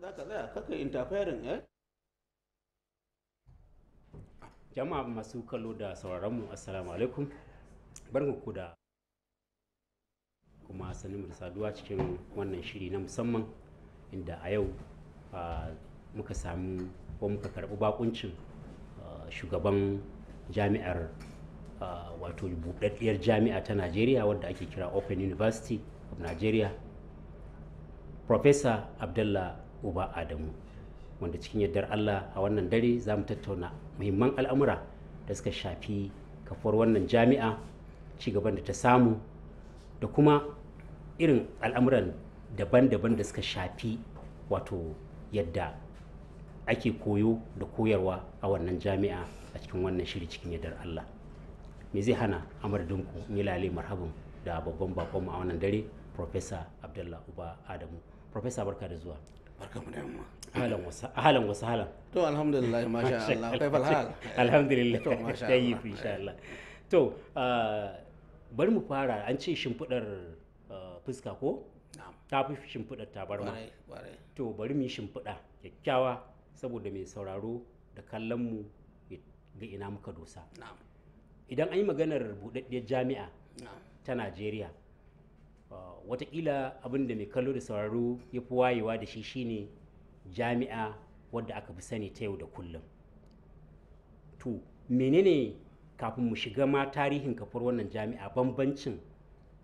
za ka tsaya kaka interfering eh jama'a masu kallo da mu assalamu alaikum barkan ku da kuma sanin da saduwa cikin wannan shiri na musamman inda a yau muka sami ko muka karɓi bakuncin shugaban jami'ar wato buɗaɗɗiyar jami'a ta najeriya wadda ake kira open university of nigeria professor abdullah uba adamu wanda cikin yardar allah a wannan dare za mu tattauna muhimman al'amura da suka shafi kafuwar wannan jami'a ci cigaban da ta samu da kuma irin al'amuran daban-daban da suka shafi wato yadda ake koyo da koyarwa a wannan jami'a a cikin wannan shiri cikin yardar allah me zai hana amardinku ni lalai marhaban da babban bakonmu a wannan dare Profesa Abdullah Uba Adamu. Profesa barka da zuwa. barkamu da yamma halan to alhamdulillah Allah kai fal hal alhamdulillah to Allah insha Allah to ah, bari mu fara an ce shimfidar ah, fuska ko ta fi shimfidar tabarma to bari mu yi shimfida kyakkyawa saboda mai sauraro da kallon mu ga ina muka dosa idan an yi maganar buɗaɗɗiyar jami'a ta Najeriya Ah, watakila abin da mai kallo da sauraro ya fi wayewa da shi shine jami'a wadda aka fi sani ta yau da kullum to menene kafin mu shiga ma tarihin kafar wannan jami'a bambancin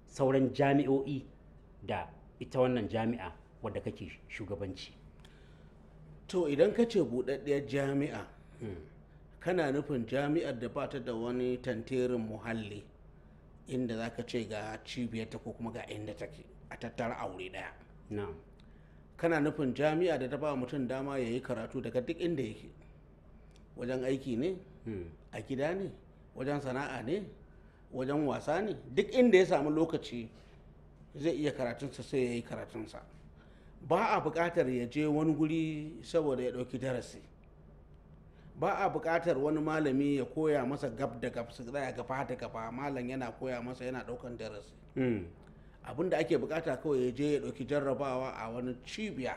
sauran jami'o'i da ita wannan jami'a wadda kake shugabanci to idan ka ce buɗaɗɗiyar jami'a hmm. kana nufin jami'ar da ba ta da wani tantirin muhalli inda za ka ce ga cibiyarta ko kuma ga inda take a tattara aure daya kana nufin jami'a da ta ba mutum dama ya yi karatu daga duk inda yake wajen aiki ne hmm. a gida ne wajen sana'a ne wajen wasa ne duk inda ya samu lokaci zai iya karatunsa sai ya yi karatunsa ba a buƙatar ya je wani guri saboda ya ɗauki darasi ba a buƙatar wani malami ya koya masa gab da gab su tsaya gafa da gafa malam yana koya masa yana ɗaukan darasi hmm. abin da ake buƙata kawai ya je ya ɗauki jarrabawa a wani cibiya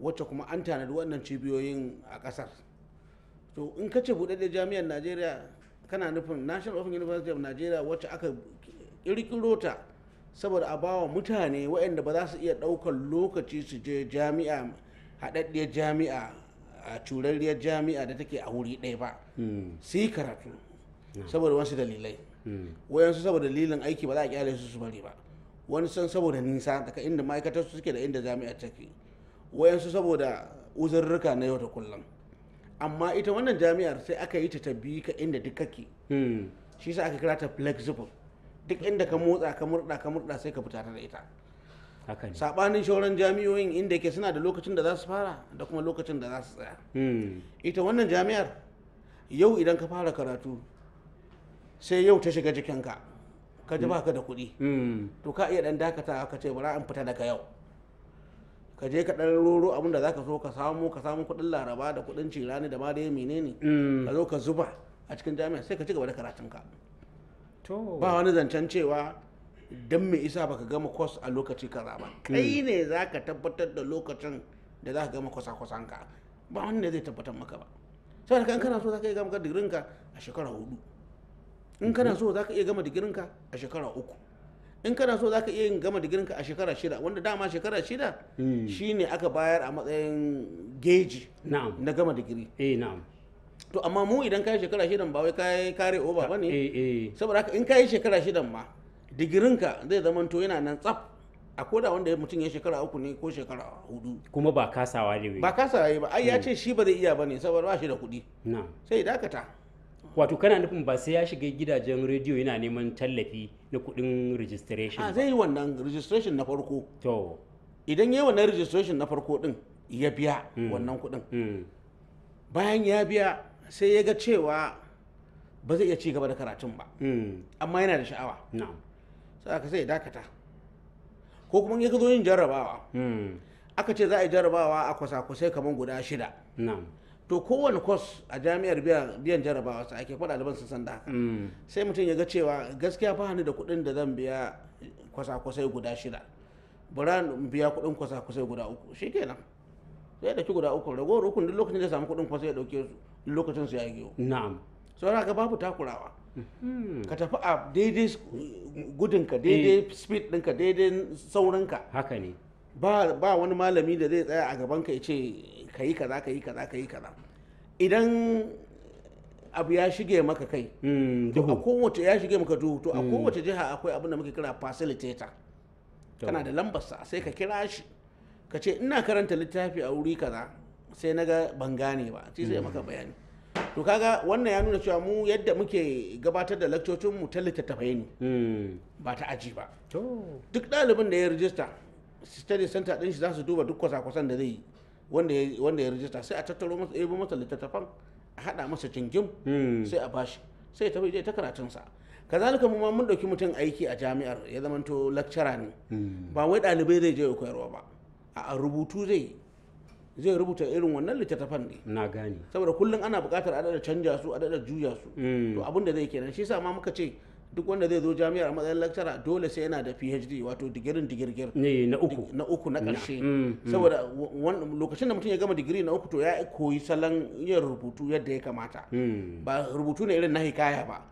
wacce kuma an tanadi wannan cibiyoyin a ƙasar to in ka ce buɗaɗɗen jami'ar najeriya kana nufin national open university of nigeria wacce aka ƙirƙiro ta saboda a bawa mutane waɗanda ba za su iya ɗaukar lokaci su je jami'a haɗaɗɗiyar jami'a a curarriyar jami'a da take a wuri ɗaya ba hmm. su yi karatu hmm. saboda wasu dalilai hmm. wayansu saboda dalilin aiki ba za a kyale su su bari ba wani san saboda nisa daga inda ma'aikatar su suke da inda jami'a take wayansu saboda uzurruka na yau da kullum amma ita wannan jami'ar sai aka yi ta ta biyu ka inda duk kake shi sa aka kira ta flexible duk inda ka motsa ka murda ka murda sai ka fita da ita sabanin shauran jami'oyin inda yake suna da lokacin da za su fara da kuma lokacin da za su tsaya hmm. ita wannan jami'ar yau idan ka fara karatu sai yau ta shiga jikinka ka ji hmm. baka da kuɗi hmm. to ka iya ɗan dakata ka ce bara an fita daga yau ka je ka dan roro abin da zaka so ka samu ka samu kuɗin laraba da kuɗin cirani da ma dai menene ka zo ka zuba a cikin jami'a sai ka ci gaba da karatunka ba wani zancen cewa don me isa baka gama kwas a lokaci kaza ba kai hmm. ne za ka tabbatar da lokacin da za ka gama kwasa-kwasan ka ba wanda zai tabbatar maka ba saboda kan kana so za ka iya gama digirin ka a shekara hudu in kana so za ka iya gama digirin ka a shekara uku in kana so za ka iya gama digirin ka a shekara shida wanda dama shekara shida hmm. shine aka bayar a matsayin geji na gama digiri eh, to amma mu idan ka yi shekara shidan ba wai ka yi kare over ba ne eh, eh. saboda haka in ka yi shekara shidan ma digirinka zai to yana nan tsaf a koda wanda mutum ya shekara uku ne ko shekara hudu kuma ba kasawa ne ba kasawa ne ba ai ya hmm. ce shi ba zai iya ba ne saboda ba shi da kuɗi sai dakata wato kana nufin ba sai ya shiga gidajen rediyo yana neman tallafi na kuɗin registration a zai yi wannan registration na farko to idan yi wannan registration na farko din ya biya hmm. wannan kuɗin hmm. bayan ya biya sai ya ga cewa ba zai iya ci gaba da karatun ba amma yana da sha'awa sai aka sai dakata ko kuma ya zo yin jarrabawa hmm. aka ce za a yi jarrabawa a kwasa-kwasai kamar guda shida to kowane kwas a jami'ar biyan jarrabawa su ake faɗa ɗaliban sun san da haka hmm. sai mutum ya ga cewa gaskiya ba ni da kuɗin da zan biya kwasa-kwasai guda shida bara biya kuɗin kwasa-kwasai guda uku shi kenan sai da guda uku ragowar uku duk lokacin da ya samu kuɗin kwasai ya ɗauke su lokacin su ya giyo na'am saboda haka babu takurawa Hmm. ka tafi a daidai gudunka daidai eh. speed ɗinka daidai saurinka haka ne ba wani malami da zai tsaya a gabanka ya ce ka yi kaza ka yi kaza ka yi kaza idan abu ya shige maka kai hmm, to a kowace ya shige maka duhu to a hmm. kowace jiha akwai abin da muke kira facilitator kana da sa sai ka kira shi ka ce ina karanta littafi a wuri kaza sai na ga ban gane ba sai maka bayani to kaga wannan ya nuna cewa mu yadda muke gabatar da lakcocin ta littattafai ne hmm. ba ta aji ba duk ɗalibin da ya rijista study center din shi za su duba duk kwasa-kwasan da zai yi wanda ya rijista sai a tattaro masa ebo masa littattafan a haɗa masa jinjin. Hmm. sai a bashi sai ta je ta karatunsa kazalika mu ma mun ɗauki mutum aiki a jami'ar ya zamanto lakcara ne hmm. ba wai ɗalibai zai je koyarwa ba a rubutu zai zai rubuta irin wannan littattafan ne na gane saboda kullum ana buƙatar adada canja su adada juya su mm. to abin da zai kenan shi sa ma muka ce duk wanda zai zo jami'ar a matsayin lecturer dole sai yana da PhD wato digirin digirgir ne na uku na uku na ƙarshe mm, mm. saboda lokacin da mutum ya gama digiri na uku to ya koyi salon yin rubutu yadda ya kamata ba rubutu ne irin na hikaya ba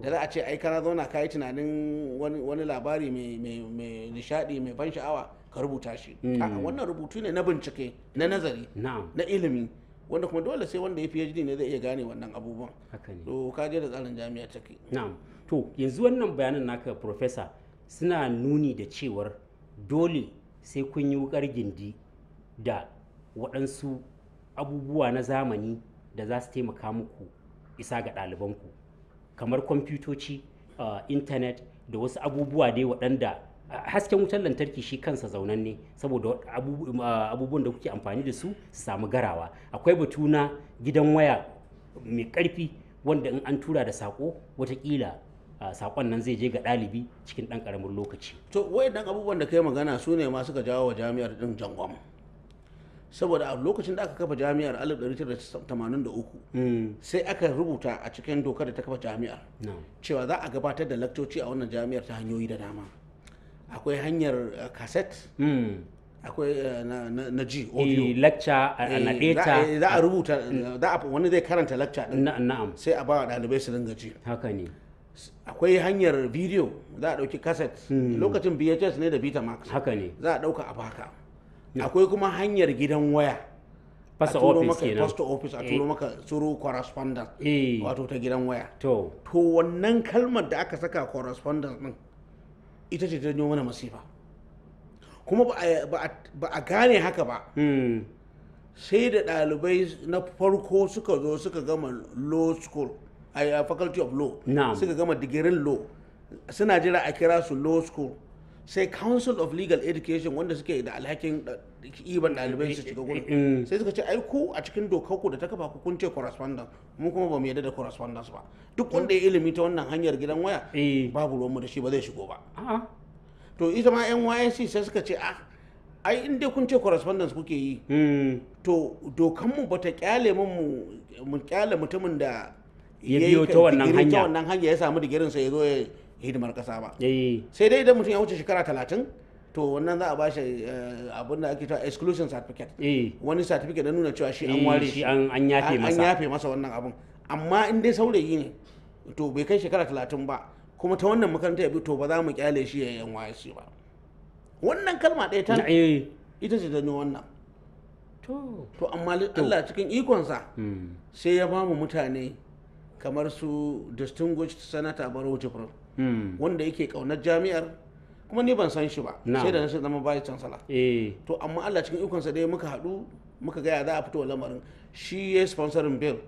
da za a ce ai kana zauna kayi tunanin wani labari mai nishadi mai ban sha'awa ka rubuta shi mm. wannan rubutu ne na bincike na nazari na ilimi wanda kuma dole sai wanda ya PhD ne zai iya gane wannan abubuwan haka ne to ka je da tsarin jami'a take na'am to yanzu wannan bayanan naka profesa suna nuni da cewar dole sai kun yi wukar gindi da waɗansu abubuwa na zamani da za su taimaka muku isa ga ɗalibanku kamar kwamfutoci ah, intanet da wasu abubuwa dai waɗanda hasken wutar lantarki shi kansa zaunan ne saboda abubuwan da kuke amfani da su su samu garawa akwai batu na gidan waya mai karfi wanda in an tura da sako watakila ah, sakon nan zai je ga ɗalibi cikin dan ƙaramin lokaci to dan abubuwan da kai magana su ne ma suka jawo wa jami'ar ɗin jangon saboda a lokacin da aka kafa jami'ar 1983 mm. sai aka rubuta a cikin dokar da ta kafa jami'ar cewa za a gabatar da lakcoci a wannan jami'ar ta hanyoyi da dama akwai hanyar kaset eh, hmm. akwai eh, na ji eh, audio lecture na naɗe ta za a rubuta hmm. wani zai karanta lecture din na'am sai a ba ɗalibai su dinga ji haka ne akwai hanyar bidiyo za a ɗauki kaset hmm. lokacin vhs ne da betamax haka ne za a ɗauka a baka akwai kuma hanyar gidan waya fasa office kenan post office a turo maka tsoro correspondent wato ta gidan waya to to wannan kalmar da aka saka correspondent din ita ce ta janyo mana masifa kuma ba a gane haka ba hmm. sai da ɗalibai na farko suka zo suka gama law school a faculty of law suka gama digirin law suna jira a kira su law school sai council of legal education wanda suke da alhakin iban ɗalibai su shiga gurin mm. sai suka ce ai ku a cikin dokar ku da ta kafa ku kun ce correspondent mu kuma ba mu yadda da correspondence ba duk wanda ya ilimi ta wannan hanyar gidan waya eh. babu ruwanmu da shi ba zai shigo ba to ita ma NYSC sai suka ce ah ai in dai kun ce correspondence kuke yi mm. to dokanmu ba ta kyale mu kyale mutumin da ya biyo ta wannan hanya ya samu sa ya zo ya hidimar kasa ba eh. sai dai idan mutum ya wuce shekara talatin to wannan za a bashi eh, abin da ake cewa exclusion certificate eh. wani certificate na nuna cewa shi an eh, ware shi an yafe masa an yafe masa wannan abin amma in dai saurayi ne to bai kai shekara talatin ba kuma ta wannan makaranta ya bi to ba za mu kyale shi ya yan waye ba wannan kalma ɗaya ta ita ce janyo wannan to amma Allah cikin ikonsa hmm. sai ya ba mu mutane kamar su distinguished senator Barrow Jibril hmm. wanda yake kaunar jami'ar kuma ni ban san shi ba sai da shi zama bai sala eh. to amma Allah cikin ikonsa dai muka haɗu muka gaya za a fito lamarin shi ya sponsorin bill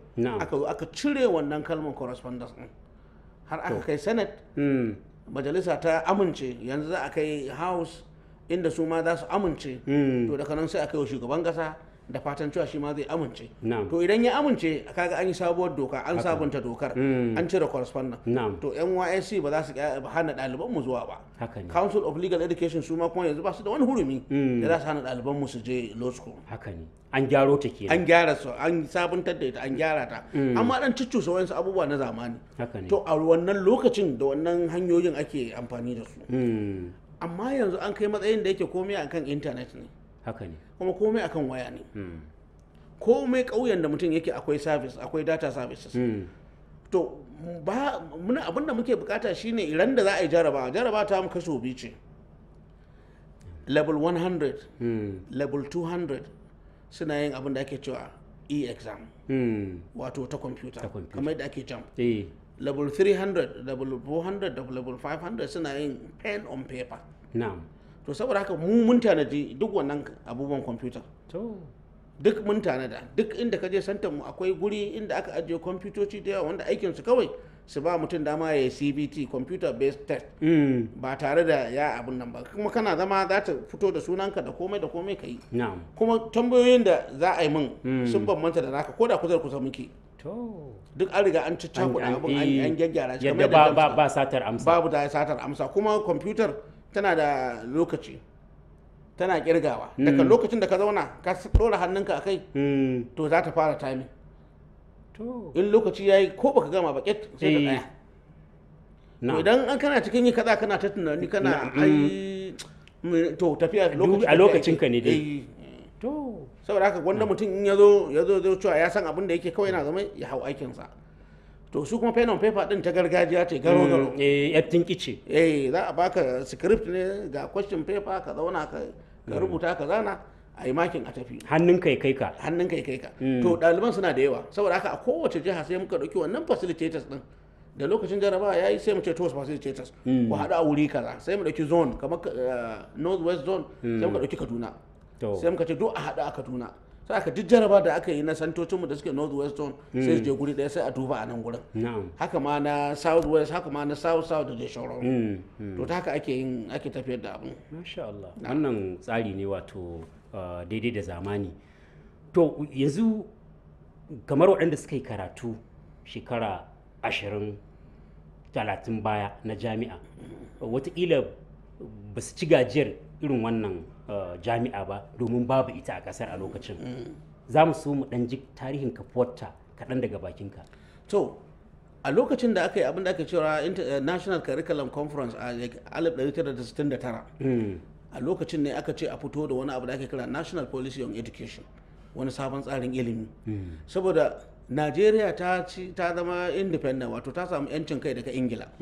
aka aka cire wannan kalmar correspondence din har aka kai senate hmm. majalisa ta amince yanzu za a kai house inda su ma za su amince hmm. to daga nan sai a kai wa shugaban kasa da fatan cewa shi ma zai amince to idan ya amince kaga an yi sabuwar doka an sabunta dokar mm. an cire correspondent to NYSC ba za su hana ɗaliban mu zuwa ba Council of Legal Education su ma kuma yanzu ba su da wani hurumi mm. da za su hana ɗaliban mu su je law school haka ne an gyaro ta ke an gyara su an sabuntar da ita an gyara ta mm. amma dan sa wayansu abubuwa na zamani to a wannan lokacin da wannan hanyoyin ake amfani da su amma yanzu an kai matsayin da yake komai akan intanet ne haka ne kuma komai akan waya ne hmm. komai ƙauyen da mutum yake akwai service akwai data services hmm. to ba muna abin da muke bukata shine idan da za a yi jaraba jaraba ta mu kaso biyu ce level 100 hmm. level 200 suna yin abin da ake cewa e-exam wato ta computer kamar da ake jump eh. level 300 level 400 level 500 suna yin pen on paper na'am to saboda haka mu mun tanaji duk wannan abubuwan kwamfuta duk mun tanada duk inda kaje je santar mu akwai guri inda aka ajiye kwamfutoci da yawa wanda aikin su kawai su ba mutum dama ya yi cbt computer based test mm. ba tare da ya abun nan ba kuma kana zama za ta fito da sunanka da komai da komai ka yi kuma tambayoyin da za a yi min mm. sun bambanta da naka ko da kusa kusa muke duk an riga an cicca abun an gyaggyara shi ba satar amsa babu da satar amsa kuma computer tana da lokaci tana kirgawa hmm. daga lokacin da ka zauna ka ɗora hannunka a kai hmm. to za ta fara timing in lokaci ya yi ko baka gama ba sai ka eh. tsaya idan an kana cikin yi kaza kana ta tunani kana ai hmm. mm, to tafiya a lokacin ka ne dai eh. to saboda haka wanda mutum in ya zo ya zo cewa ya san abin da yake kawai yana zama ya hau aikinsa to su kuma fenon fefa din ta gargajiya ce garo garo mm, eh yattin kice eh za a baka script ne ga question paper ka zauna ka mm. rubuta ka zana a yi makin a tafi hannun kai kai ka hannun kai kai ka mm. to ɗaliban suna da yawa saboda haka a kowace jiha sai muka ɗauki wannan facilitators din da lokacin jarabawa ya yi sai mu ce toast facilitators ku haɗu a wuri kaza sai mu ɗauki zone kamar eh, north west zone sai muka ɗauki kaduna sai muka ce duk a haɗu a kaduna sai aka duk jaraba da aka yi na santocinmu da suke north western hmm. sai su je guri daya sai a duba a nan gurin haka ma na south west haka ma na south south da dai shauran hmm, hmm. to ta haka ake yin ake tafiyar da abin masha Allah wannan tsari ne wato ah, daidai da zamani to yanzu kamar waɗanda suka yi karatu shekara ashirin talatin baya na jami'a watakila ba su ci gajiyar irin wannan Eh, jami'a ba domin babu ita a kasar a lokacin mm. za mu so mu dan ji tarihin kafuwarta kaɗan daga bakinka to a lokacin da aka yi abin da aka cewa eh, national curriculum conference a 1969 mm. a lokacin ne aka ce a fito da wani abu da ake kira national policy on education wani sabon tsarin ilimi mm. saboda najeriya ta ta zama independent wato ta samu yancin kai daga ingila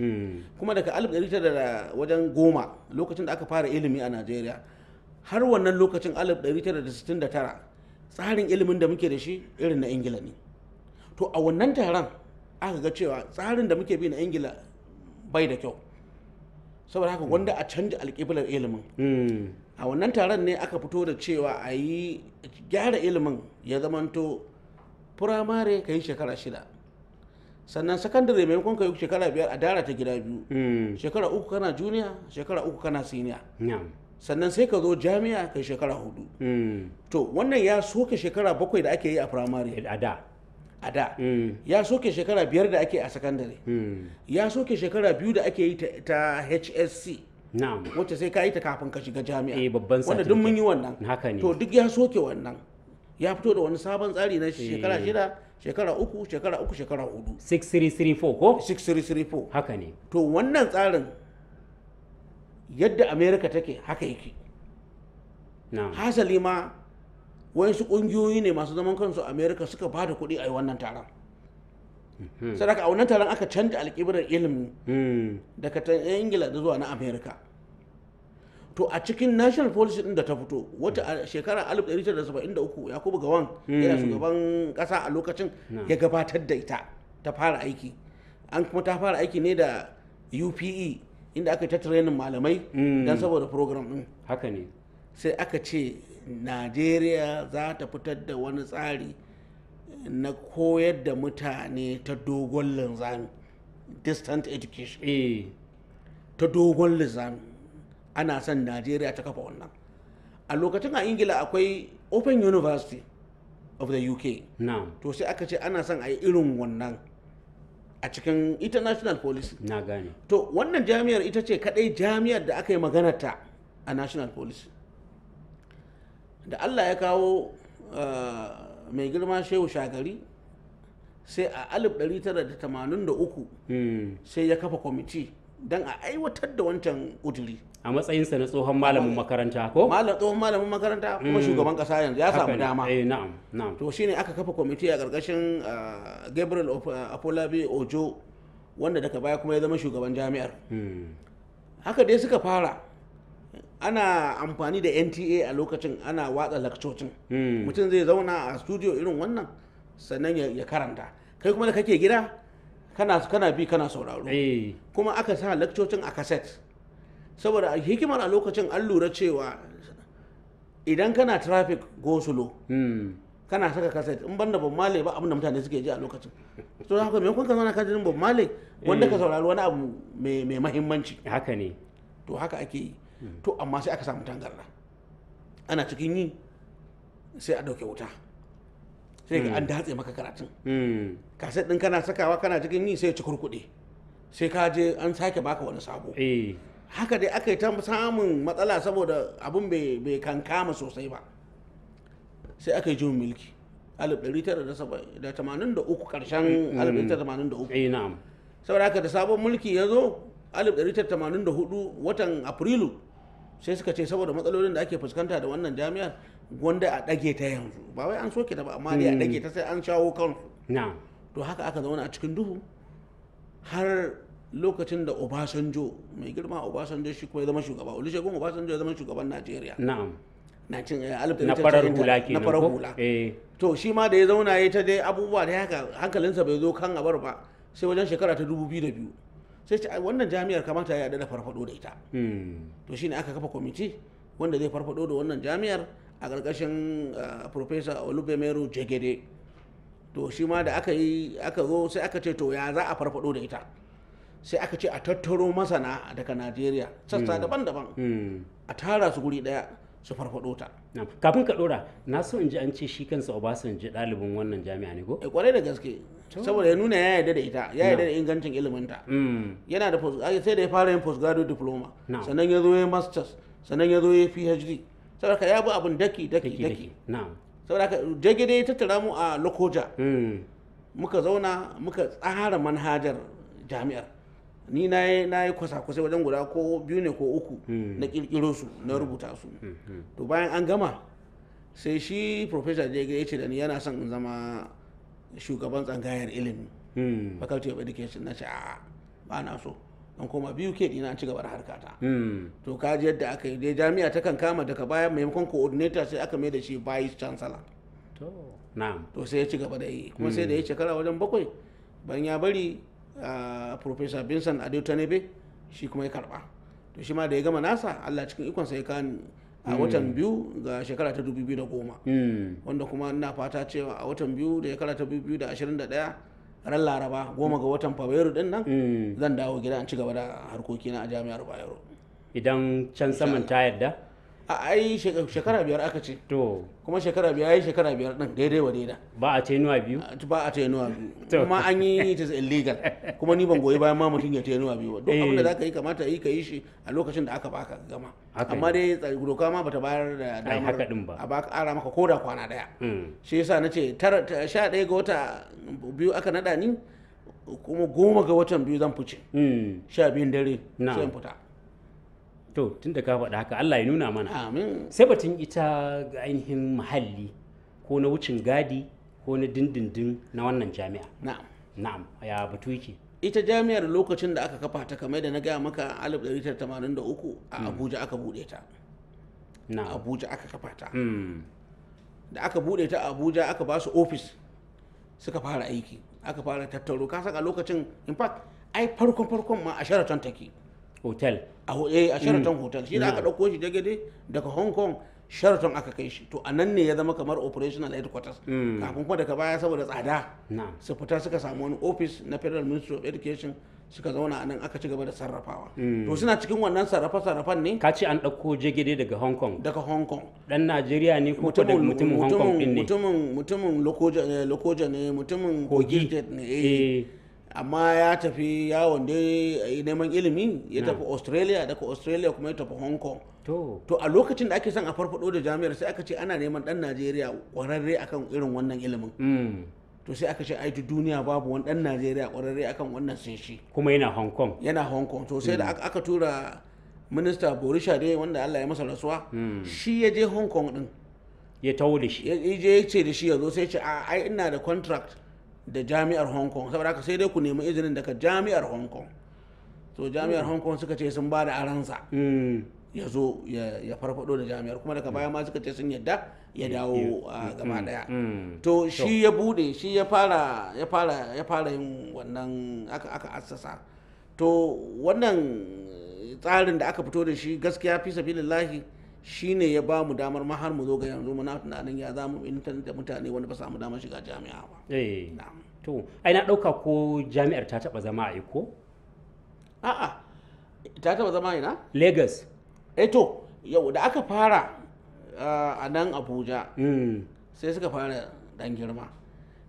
kuma daga da wajen goma lokacin da aka fara ilimi a najeriya har wannan lokacin 1969 tsarin ilimin da muke da shi irin na ingila ne to a wannan taron aka ga cewa tsarin da muke bi na ingila bai da kyau saboda haka wanda a canja alƙiblar ilimin hmm. a wannan taron ne aka fito da cewa a yi gyara ilimin ya zamanto firamare ka yi shekara shida sannan sakandare maimakon ka yi shekara biyar a dara ta gida biyu hmm. shekara uku kana juniya shekara uku kana siniya sannan sai ka zo jami'a kai shekara hudu hmm. to wannan ya soke shekara bakwai da ake yi a firamare a da a da hmm. ya soke shekara biyar da ake a sakandare hmm. ya soke shekara biyu da ake yi ta hsc wacce sai ka yi ta kafin ka shiga jami'a eh, babban wanda duk mun yi wannan to duk ya soke wannan ya fito da wani sabon tsari na shekara eh. shida shekara uku shekara uku shekara hudu 6334 ko 6334 haka ne to wannan tsarin yadda Amerika take haka yake hasali ma wasu ƙungiyoyi ne masu zaman kansu Amerika suka ba da kuɗi a yi wannan taron mhm. sadaka a wannan taron aka canja alƙibirar ilimi hmm. daga ta ingila da zuwa na Amerika to a cikin national policy din da ta fito wata a shekara 1973 yakubu gawan hmm. yana shugaban kasa a lokacin ya gabatar da ita ta fara aiki an kuma ta fara aiki ne da upe inda aka yi ta training malamai hmm. don saboda program din haka ne sai aka ce najeriya za ta fitar da wani tsari na koyar da mutane ta dogon linzami distant education eh. ta dogon linzami ana son najeriya ta kafa wannan a lokacin a ingila akwai open university of the uk to sai aka ce ana son a yi irin wannan a cikin international policy na gane to wannan jami'ar ita ce kadai jami'ar da aka yi magana ta a national policy da allah ya kawo uh, mai girma shehu shagari sai a 1983 hmm. sai ya kafa kwamiti don a aiwatar da wancan kuduri a matsayinsa na tsohon malamin makaranta ko tsohon malamin makaranta kuma mm. shugaban kasa yanzu ya samu dama eh na'am na'am to shine aka kafa kwamiti a karkashin ah, Gabriel Afolabi ah, Ojo wanda daga baya kuma ya zama shugaban jami'ar mm. haka dai suka fara ana amfani da NTA a lokacin ana watsa lakcocin mm. mutum zai zauna a studio irin wannan sannan ya karanta kai kuma da kake gida kana kana bi kana sauraro eh. kuma aka sa lakcocin a cassette saboda hikimar a lokacin an lura cewa idan kana traffic go slow hmm. kana saka kaset in banda bob male ba abinda mutane suke ji a lokacin to haka me kun ka zauna jirin bob male wanda ka eh. saurari wani abu mai mahimmanci haka ne to haka ake yi hmm. to amma sai aka samu tangarda ana cikin yi sai a dauke wuta sai ka hmm. an datse maka karatun kaset din kana sakawa kana cikin yi sai ci kurkuɗe sai ka je an sake baka wani sabo eh. haka dai aka yi ta samun matsala saboda abin bai kankama sosai ba sai aka yi juyin milki 1983 karshen 1983 saboda haka da sabon mulki ya zo 1984 watan afrilu sai suka ce saboda matsalolin da ake fuskanta da wannan jami'ar gwanda a dage ta yanzu ba wai an soke ta ba amma dai a dage ta sai an shawo kan mm. to haka aka zauna a cikin duhu har lokacin da obasanjo mai girma obasanjo shi kuma ya zama shugaba olusegun obasanjo ya zama shugaban najeriya eh, na cin na farar hula na farar hula to shi ma da ya zauna ya ta dai abubuwa da haka hankalinsa bai zo kan abar ba sai wajen shekara ta dubu biyu da biyu sai ce wannan jami'ar kamata ya da farfado da ita hmm. to shine aka kafa kwamiti wanda zai farfado da wannan jami'ar a ƙarƙashin eh, professor olubemero jegede to shi ma da aka yi aka zo sai aka ce to ya za a farfado da ita sai aka ce a tattaro masana daga najeriya sassa hmm. daban-daban hmm. a tara su guri daya su farfado ta kafin ka dora na so in ji an ce shi kansa obasanjo ɗalibin wannan jami'a ne ko kwarai eh, da gaske saboda ya nuna ya yarda da ita ya yarda da ingancin ilimin ta. Hmm. yana da sai da ya fara yin postgraduate diploma sannan ya zo ya masters sannan ya zo ya phd saboda ya bi abin daki daki daki saboda jage dai tattara mu a lokoja muka zauna muka tsara manhajar jami'ar ni na yi na yi kwasa-kwasai wajen guda ko biyu ne ko uku hmm. na kirkiro su na hmm. rubuta su hmm, to bayan an gama sai shi professor da ya ce da ni yana son in zama shugaban tsangayar ilimi faculty of education na ce a ba na so an koma biyu ke dina ci gaba da harkata to ka ji yadda aka yi dai jami'a ta kan kama daga bayan maimakon coordinator sai aka mai da shi vice chancellor to sai ya ci gaba da yi kuma sai da ya shekara wajen bakwai ban ya bari Ah, professor Vincent tanebe shi kuma ya karba to shi ma da ya gama nasa Allah cikin ikon ya kan a hmm. watan biyu ga shekara ta 2010 hmm. wanda kuma ina fata cewa a watan biyu da shekara ta 2021 ran laraba goma ga watan fabrairu din nan hmm. zan dawo gida in ci gaba da harkokina a jami'ar bayero idan can saman ta yadda a ai shekara biyar aka ce to kuma shekara biyar ai shekara biyar din daidai wa daida ba a tenuwa biyu ba a tenuwa biyu kuma an yi it is illegal kuma ni ban goyi bayan ma mutum ya tenuwa biyu duk abin da eh. zaka yi kamata yi ka yi shi a lokacin da aka baka gama amma dai doka ma bata bayar da damar a baka ara maka koda kwana daya hmm. shi yasa nace tara sha daya ga wata biyu aka nada ni kuma goma ga watan biyu zan fice hmm. sha biyun dare sai in fita to tun da ka faɗa haka Allah ya nuna mana amin sai batun ita ga ainihin muhalli ko na wucin gadi ko na dindindin na wannan jami'a na'am na'am ya batu yake ita jami'ar lokacin da aka kafa ta kamar da na gaya maka 1983 a mm. abuja aka buɗe ta na abuja aka kafa ta mm. da aka buɗe ta a abuja aka ba su ofis suka fara aiki aka fara tattaro ka saka lokacin in fact ai farkon farkon ma a sheraton take hotel Eh, a sheraton mm. hotel shi da mm. aka ɗauko shi daga daga hong kong sheraton aka kai shi to anan ne ya zama kamar operational headquarters mm. kafin kuma daga baya saboda tsada su fita suka samu wani office na federal ministry of education suka zauna anan aka ci gaba da sarrafawa to suna cikin wannan sarrafa sarrafan ne ka ce an ɗauko jegede daga hong kong daga hong kong dan najeriya ne ko daga mutumin hong kong din ne mutumin mutumin lokoja eh, ne mutumin kogi ne eh. amma ya tafi yawon da eh, neman ilimi ya tafi hmm. australia daga australia kuma ya tafi hong kong to a lokacin da ake son a farfado da jami'ar sai aka ce ana neman dan najeriya kwararre akan irin wannan ilimin hmm. to sai aka ce ai duniya babu wani dan najeriya kwararre akan wannan sun shi kuma yana hong kong yana hong kong to sai da hmm. aka tura minista borisha dai wanda allah ya masa rasuwa shi ya je hong kong din ya tawo da shi ya je ce da shi ya zo sai ce a ai ina da contract da jami'ar hong kong saboda haka sai dai ku nemi izinin daga jami'ar hong kong to jami'ar mm. hong kong suka ce sun ba da aransa mm. ya zo ya farfado da jami'ar kuma daga baya ma suka ce sun yadda ya dawo a mm, gaba daya to shi ya bude shi ya fara ya yin wannan aka assasa to wannan tsarin da aka fito da shi gaskiya fi sabilillahi shine ya ba mu damar ma har mu zo ga yanzu muna tunanin ya za mu intanet da mutane wanda ba samu damar shiga jami'a ba eh, to ai na dauka ko jami'ar ta taba zama a ko a'a ta taba zama ina lagos eh to yau da aka fara eh, a nan abuja hmm. sai suka fara dan girma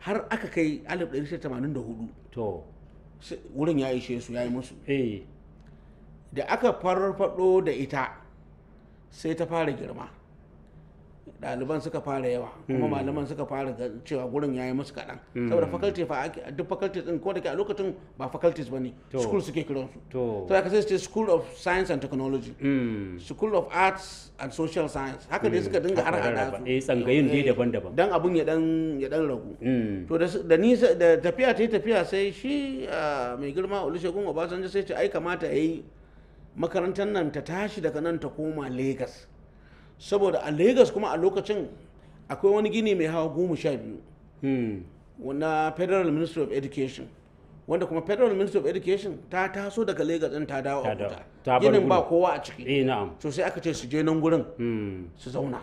har aka kai 1984 to wurin ya ishe su ya yi musu eh. da aka farfado da ita sai ta fara girma ɗaliban suka fara yawa kuma hmm. malaman suka fara cewa gurin yayi musu kaɗan hmm. saboda faculty fa duk faculty din ko da ke a lokacin ba faculties bane school suke kiran su to aka sai school of science and technology hmm. school of arts and social science haka dai suka dinga harhaɗa su eh tsangayin dai eh, daban-daban dan abun ya dan ya dan ragu to da ni da tafiya ta tafiya sai shi ah, mai girma Olusegun Obasanjo sai ce ai kamata yayi makarantar nan ta tashi daga nan ta koma Legas saboda a Legas kuma a lokacin akwai wani gini mai hawa goma sha biyu hmm. na federal ministry of education wanda kuma federal ministry of education ta taso daga lagos din ta dawo abuja ginin ba kowa a ciki eh, to sai aka ce su je nan gurin hmm. su zauna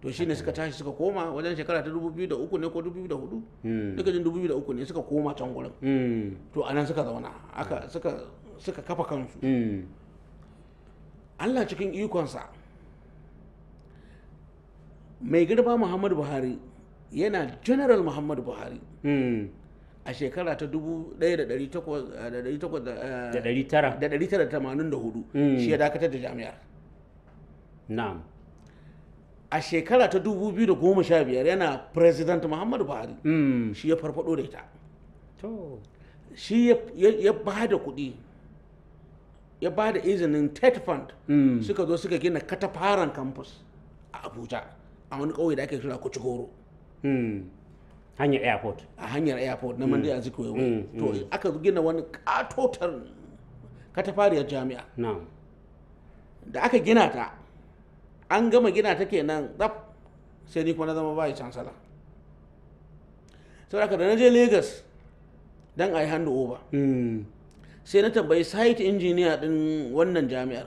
to shine suka tashi suka koma wajen shekara ta 2003 ne ko 2004 daga hmm. jin uku ne suka koma can gurin to anan suka zauna aka suka suka kafa kansu mm. allah cikin ikonsa mai girma muhammadu buhari yana general muhammadu buhari mm. a shekara ta 1984 eh, eh, mm. shi ya dakatar da jami'ar na'am a shekara ta 2015 yana president muhammadu buhari shi ya farfado da ita shi ya ba da kuɗi ya ba da izinin ted fund hmm. suka zo suka gina katafaren campus a abuja a wani ƙauye da ake kira kuchihoro hmm. hanyar airport a hanyar airport na mandi hmm. a zikwewe to aka gina wani katotar katafariyar jami'a da aka gina ta an gama gina ta kenan tsaf sai ni kuma na zama bayi cansala saboda da na je lagos don a yi hand over sai na tambayi site engineer din wannan jami'ar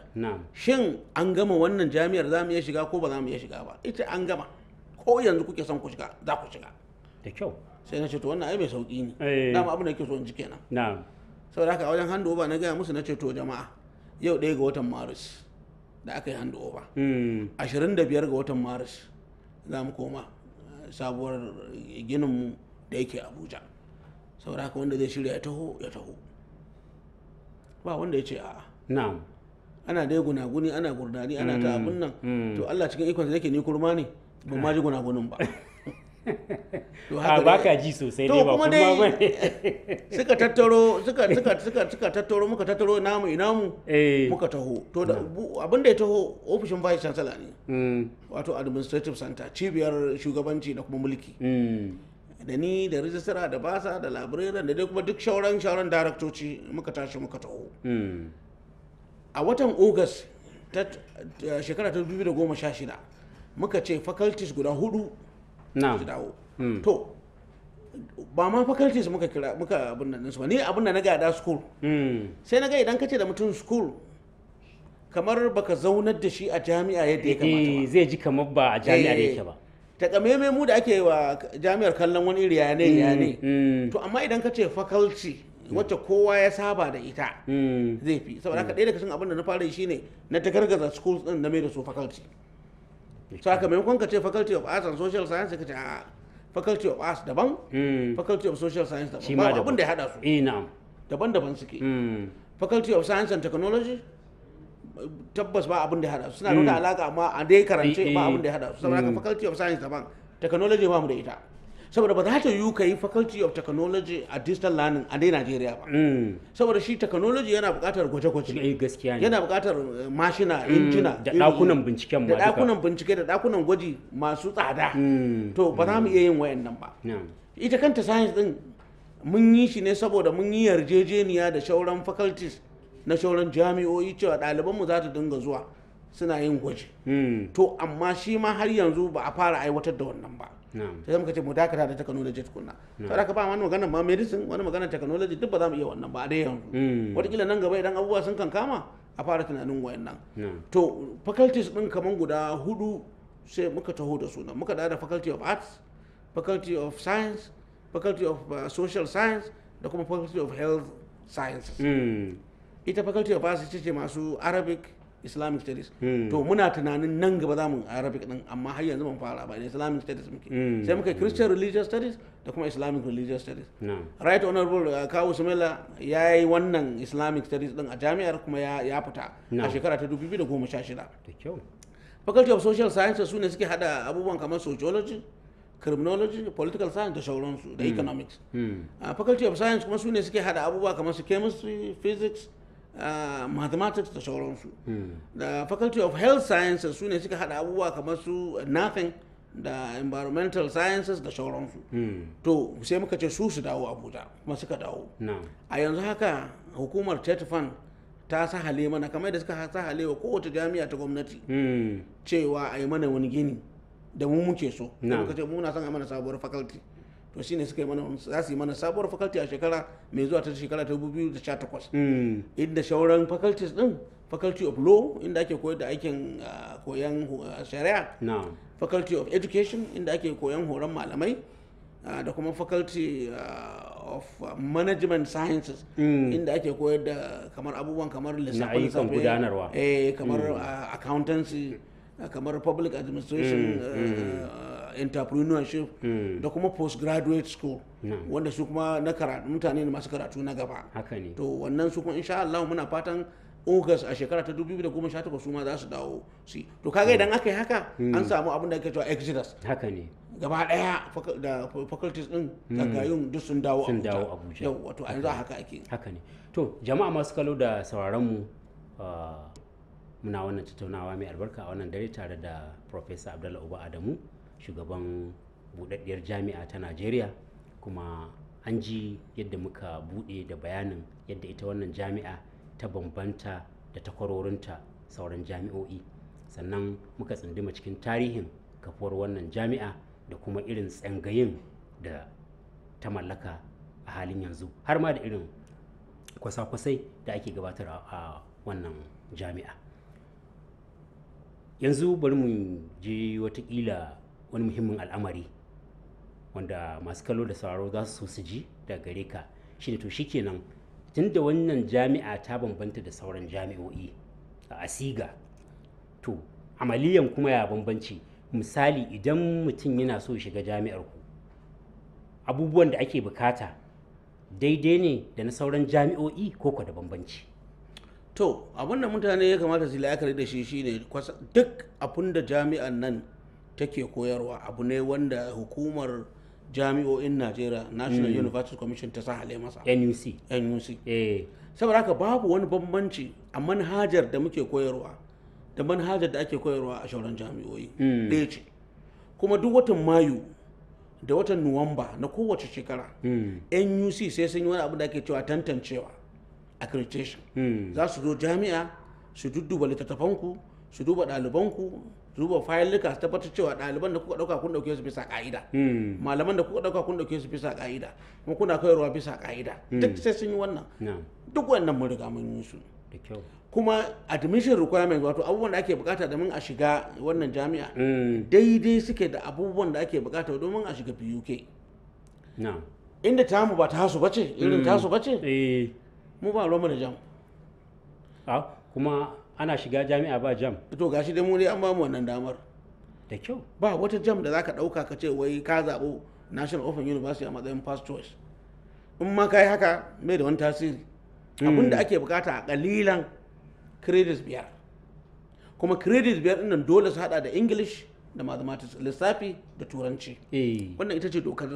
shin an gama wannan jami'ar za mu iya shiga ko ba za mu iya shiga ba ita an gama ko yanzu kuke son ku shiga za ku shiga da kyau sai na ce to wannan ai mai sauki ne eh. dama abin da ke so in ji kenan na'am saboda haka wajen hand over na gaya musu na ce to jama'a yau ɗaya ga watan maris da aka yi hand over hmm. ashirin da biyar ga watan maris za mu koma eh, sabuwar ginin mu da yake abuja saboda haka wanda zai shirya ya taho ya taho ba wanda ya ce a'a na'am ana dai gunaguni ana gurdani ana ta mm, abun nan mm. to Allah cikin ikonsa yake ni kurma ne ban ma ji gunagunin ba to haka ba ka ji sosai ne ba kuma ba suka tattaro suka suka suka suka tattaro muka tattaro namu mu eh. muka taho to abin da ya taho ofishin vice chancellor ne mm. wato administrative center cibiyar shugabanci da kuma mulki da ni da rijistara da basa da labirin da dai kuma duk shauran shauran daraktoci muka tashi muka taho hmm. a watan ogas ta shekara ta 2016 muka ce faculties guda hudu su dawo hmm. to ba ma faculties muka kira muka abin nan ba ni abin da na gada school hmm. sai na ga idan ka ce da mutum school kamar baka zaunar da shi a jami'a yadda ya kamata ba eh, zai ji kamar ba a jami'a da yake ba takamaimai mu da ake wa jami'ar kallon wani iri ne ya ne to amma idan ka ce faculty wacce kowa ya saba da ita mm. zai fi saboda haka ɗaya daga cikin abin da na fara yi shine na ta gargaza schools din na mai da su faculty sakamakon ka ce faculty of arts and social science ka ce a faculty of arts daban mm. faculty of social science daban ba abin da ya hada su eh, daban-daban suke mm. faculty of science and technology tabbas ba abin da ya hada su suna da mm. alaka amma a dai karance mm, ba mm, abin da ya hada su saboda faculty of science daban technology ba mu da ita saboda ba za ta yiwu ka yi faculty of technology a digital learning a dai Najeriya ba saboda shi technology yana buƙatar gwaje-gwaje eh, gaskiya yana buƙatar eh, mashina injina da ɗakunan binciken da ɗakunan bincike da ɗakunan gwaji masu tsada to ba za mu iya yin wayannan ba ita kanta science din mun yi shi ne saboda mun yi yarjejeniya da shauran faculties na shauran jami'o'i cewa ɗalibanmu za ta dinga zuwa suna yin gwaji hmm. to amma shi ma har yanzu ba a fara aiwatar da wannan ba sai muka ce mu dakata da technology tukunna to da ka ba wani magana ma medicine wani magana technology duk ba za mu iya wannan ba a dai yanzu hmm. wataƙila nan gaba idan abubuwa sun kankama a fara tunanin wayannan to faculties din kaman guda hudu sai muka taho da suna muka da faculty of arts faculty of science faculty of uh, social science da kuma faculty of health sciences hmm. ita faculty of arts ce masu arabic islamic studies hmm. to muna tunanin nan gaba za mu arabic din amma har yanzu ban fara ba islamic studies muke hmm. sai muka christian religious studies da kuma islamic religious studies right honorable uh, kawu sumela ya yi wannan islamic studies din a jami'ar kuma ya fita a shekara ta 2016 da kyau faculty of social sciences su ne suke hada abubuwan kamar sociology criminology political science da sauransu da hmm. economics uh, faculty of science kuma su ne suke hada abubuwa kamar su chemistry physics Ah, mathematics da sauransu da faculty of health sciences su ne suka hada abubuwa kamar su nothing da environmental sciences da sauransu to sai muka ce su su dawo abuja kuma suka dawo a yanzu haka hukumar tetfan ta sahale mana kamar da suka sahale wa kowace jami'a ta gwamnati hmm. cewa a yi mana wani gini da mu muke so muka ce muna son a mana sabuwar faculty to shine suka yi mana za su yi mana sabuwar faculty a shekara mai zuwa ta shekara ta 2018 mm. inda shauran faculties din faculty of law inda ake koyar da aikin ah, koyan ah, shari'a faculty of education inda ake koyan horon malamai ah, da kuma faculty of management sciences mm. inda ake koyar da kamar abubuwan kamar lissafin gudanarwa eh, kamar mm. accountancy kamar public administration entrepreneurship hmm. da kuma postgraduate school wanda su kuma na karatu mutane masu karatu na gaba to wannan su kuma insha Allah muna fatan August a shekara ta 2018 su ma za su dawo si to kaga idan aka yi haka hmm. an samu abin da ake cewa exodus haka ne gaba daya da faculties din zagayun hmm. duk sun dawo sun dawo Abuja yau wato a yanzu haka ake haka ne to jama'a masu kallo da sauraron mu ah, muna wannan tattaunawa mai albarka a wannan dare tare da Professor Abdullahi Uba Adamu shugaban buɗaɗɗiyar jami'a ta najeriya kuma an ji yadda muka buɗe da bayanin yadda ita wannan jami'a ta bambanta da ta kwarorinta sauran jami'o'i sannan muka tsinduma cikin tarihin kafuwar wannan jami'a da kuma irin tsangayin da ta mallaka a halin yanzu har ma da irin kwasa-kwasai da ake gabatar a wannan jami'a yanzu bari mu je watakila wani muhimmin al'amari wanda masu kallo da sauraro za su su ji daga gare ka shine to shi shikenan tunda wannan jami'a ta bambanta da sauran jami'o'i a asiga to amaliyan kuma ya bambanci misali idan mutum yana so shiga jami'ar ku abubuwan da ake bukata daidai ne da na sauran jami'o'i ko kwa da bambanci to abin da mutane ya kamata su la'akari da shi shine duk abin da jami'an nan take koyarwa abu ne wanda hukumar jami'o'in najeriya national mm. university commission ta sahale masa nuc nuc eh. saboda haka babu wani bambanci a manhajar da muke koyarwa da manhajar da ake koyarwa a shauran jami'o'i mm. ɗaya ce kuma duk watan mayu da watan nuwamba na kowace shekara mm. nuc sai sun yi wani abu da ake cewa tantancewa accreditation za su zo jami'a su dudduba littattafanku su duba ɗalibanku duba fayilika su tabbatar cewa ɗaliban da kuka ɗauka kun ɗauke su bisa ƙa'ida hmm. malaman da kuka ɗauka kun ɗauke su bisa ƙa'ida kuma kuna ruwa bisa ƙa'ida hmm. duk sai sun yi wannan duk wannan mun riga mun yi su kuma admission requirement wato abubuwan da ake bukata domin a shiga wannan jami'a hmm. daidai suke da abubuwan da ake bukata domin a shiga B.U.K. inda ta eh. mu ba tasu bace irin tasu bace mu ba ruwan mu da jamu ah, kuma ana shiga jami'a ba jam to gashi dai mu dai an ba mu wannan damar da kyau ba wata jam da zaka dauka ka ce wai ka zabo national open university a matsayin first choice in ma kai haka mai da wani tasiri hmm. abin da ake bukata a kalilan kiredit biyar kuma kiredit biyar nan dole su hada da english da mathematics lissafi da turanci eh. wannan ita ce dokar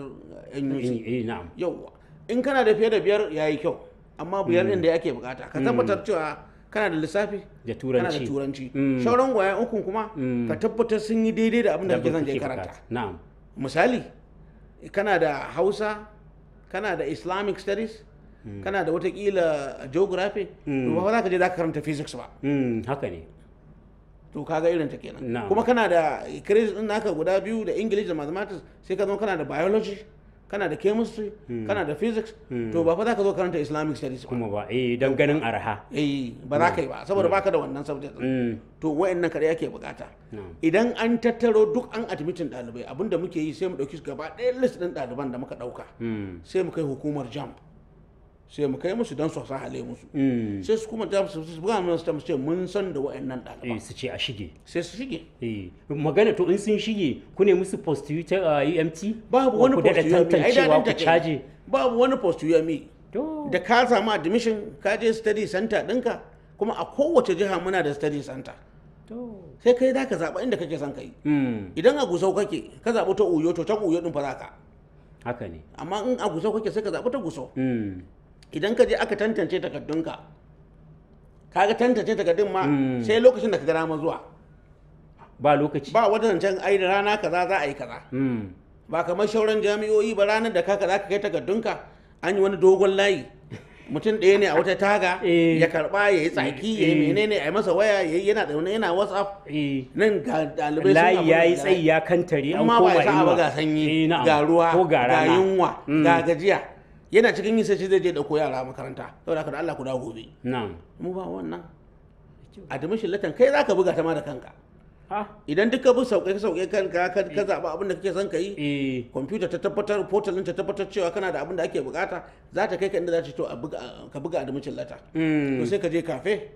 eh, nuc eh, yauwa in kana da fiye da biyar yayi kyau amma biyar din hmm. da ake bukata ka hmm. tabbatar cewa kana da lissafi da turanci kana da turanci mm. sauran gwaya ukun kuma mm. ka tabbatar sun yi daidai da abin da kake zan karanta na'am misali kana da hausa kana da islamic studies mm. kana da watakila geography to ba za ka je za ka karanta physics ba haka ne to kaga irin ta kenan kuma kana da credit din naka guda biyu da english da mathematics sai ka zama kana da biology kana da chemistry hmm. kana da physics hmm. to ba fa za ka zo karanta islamic studies kuma ba eh dan ganin araha eh ba za hmm. ka yi ba saboda baka da wannan subject to wayannan kare yake bukata idan an tattaro duk an admitin dalibai abinda muke yi sai mu dauki gaba ɗaya list din daliban da muka dauka sai mu kai hukumar jamb sai mu kai musu don su hale musu mm. sai su kuma ta su buga mu su ce mun san da wayannan ɗaliban eh, su ce a shige sai su shige eh, magana to in sun shige ku ne musu post UMT uh, babu wani post UMT e. ai da ku caje babu wani post UMT e. da ka samu admission ka je study center ɗinka kuma a kowace jiha muna da study center sai kai za ka zaɓa inda kake son kai mm. idan a gusau kake ka zaɓi ta uyo to ta uyo ɗin fa za ka haka ne amma in a gusau kake sai ka zaɓi ta gusau mm. idan ka je aka tantance takardunka ga tantance takardun ma hmm. sai lokacin da ka gara ma zuwa ba lokaci ba wajen can ai rana kaza za a yi kaza hmm. ba kamar shauran jami'o'i ba ranar da kaka za ka kai takardunka an yi wani dogon layi mutum ɗaya ne a wata taga eh. ya karba ya yi tsaki ya yi eh. menene a yi masa waya ya yana da yana whatsapp eh. nan ga ɗalibai sun layi ya yi tsayi ya kantare an koma inuwa amma ba ya sa ga sanyi ga ruwa ga yunwa hmm. ga gajiya yana cikin yin sai zai je dauko yara makaranta saboda haka da Allah ku dawo gobe mu ba wannan a admission latin kai zaka buga ta ma da kanka idan duka bi sauke sauke kanka ka zaɓa abin da kake son ka yi kwamfuta eh. ta tabbatar portal ta tabbatar cewa kana da abin da ake bukata za ta kai ka inda za ta to ka buga admission letter hmm. to sai ka je kafe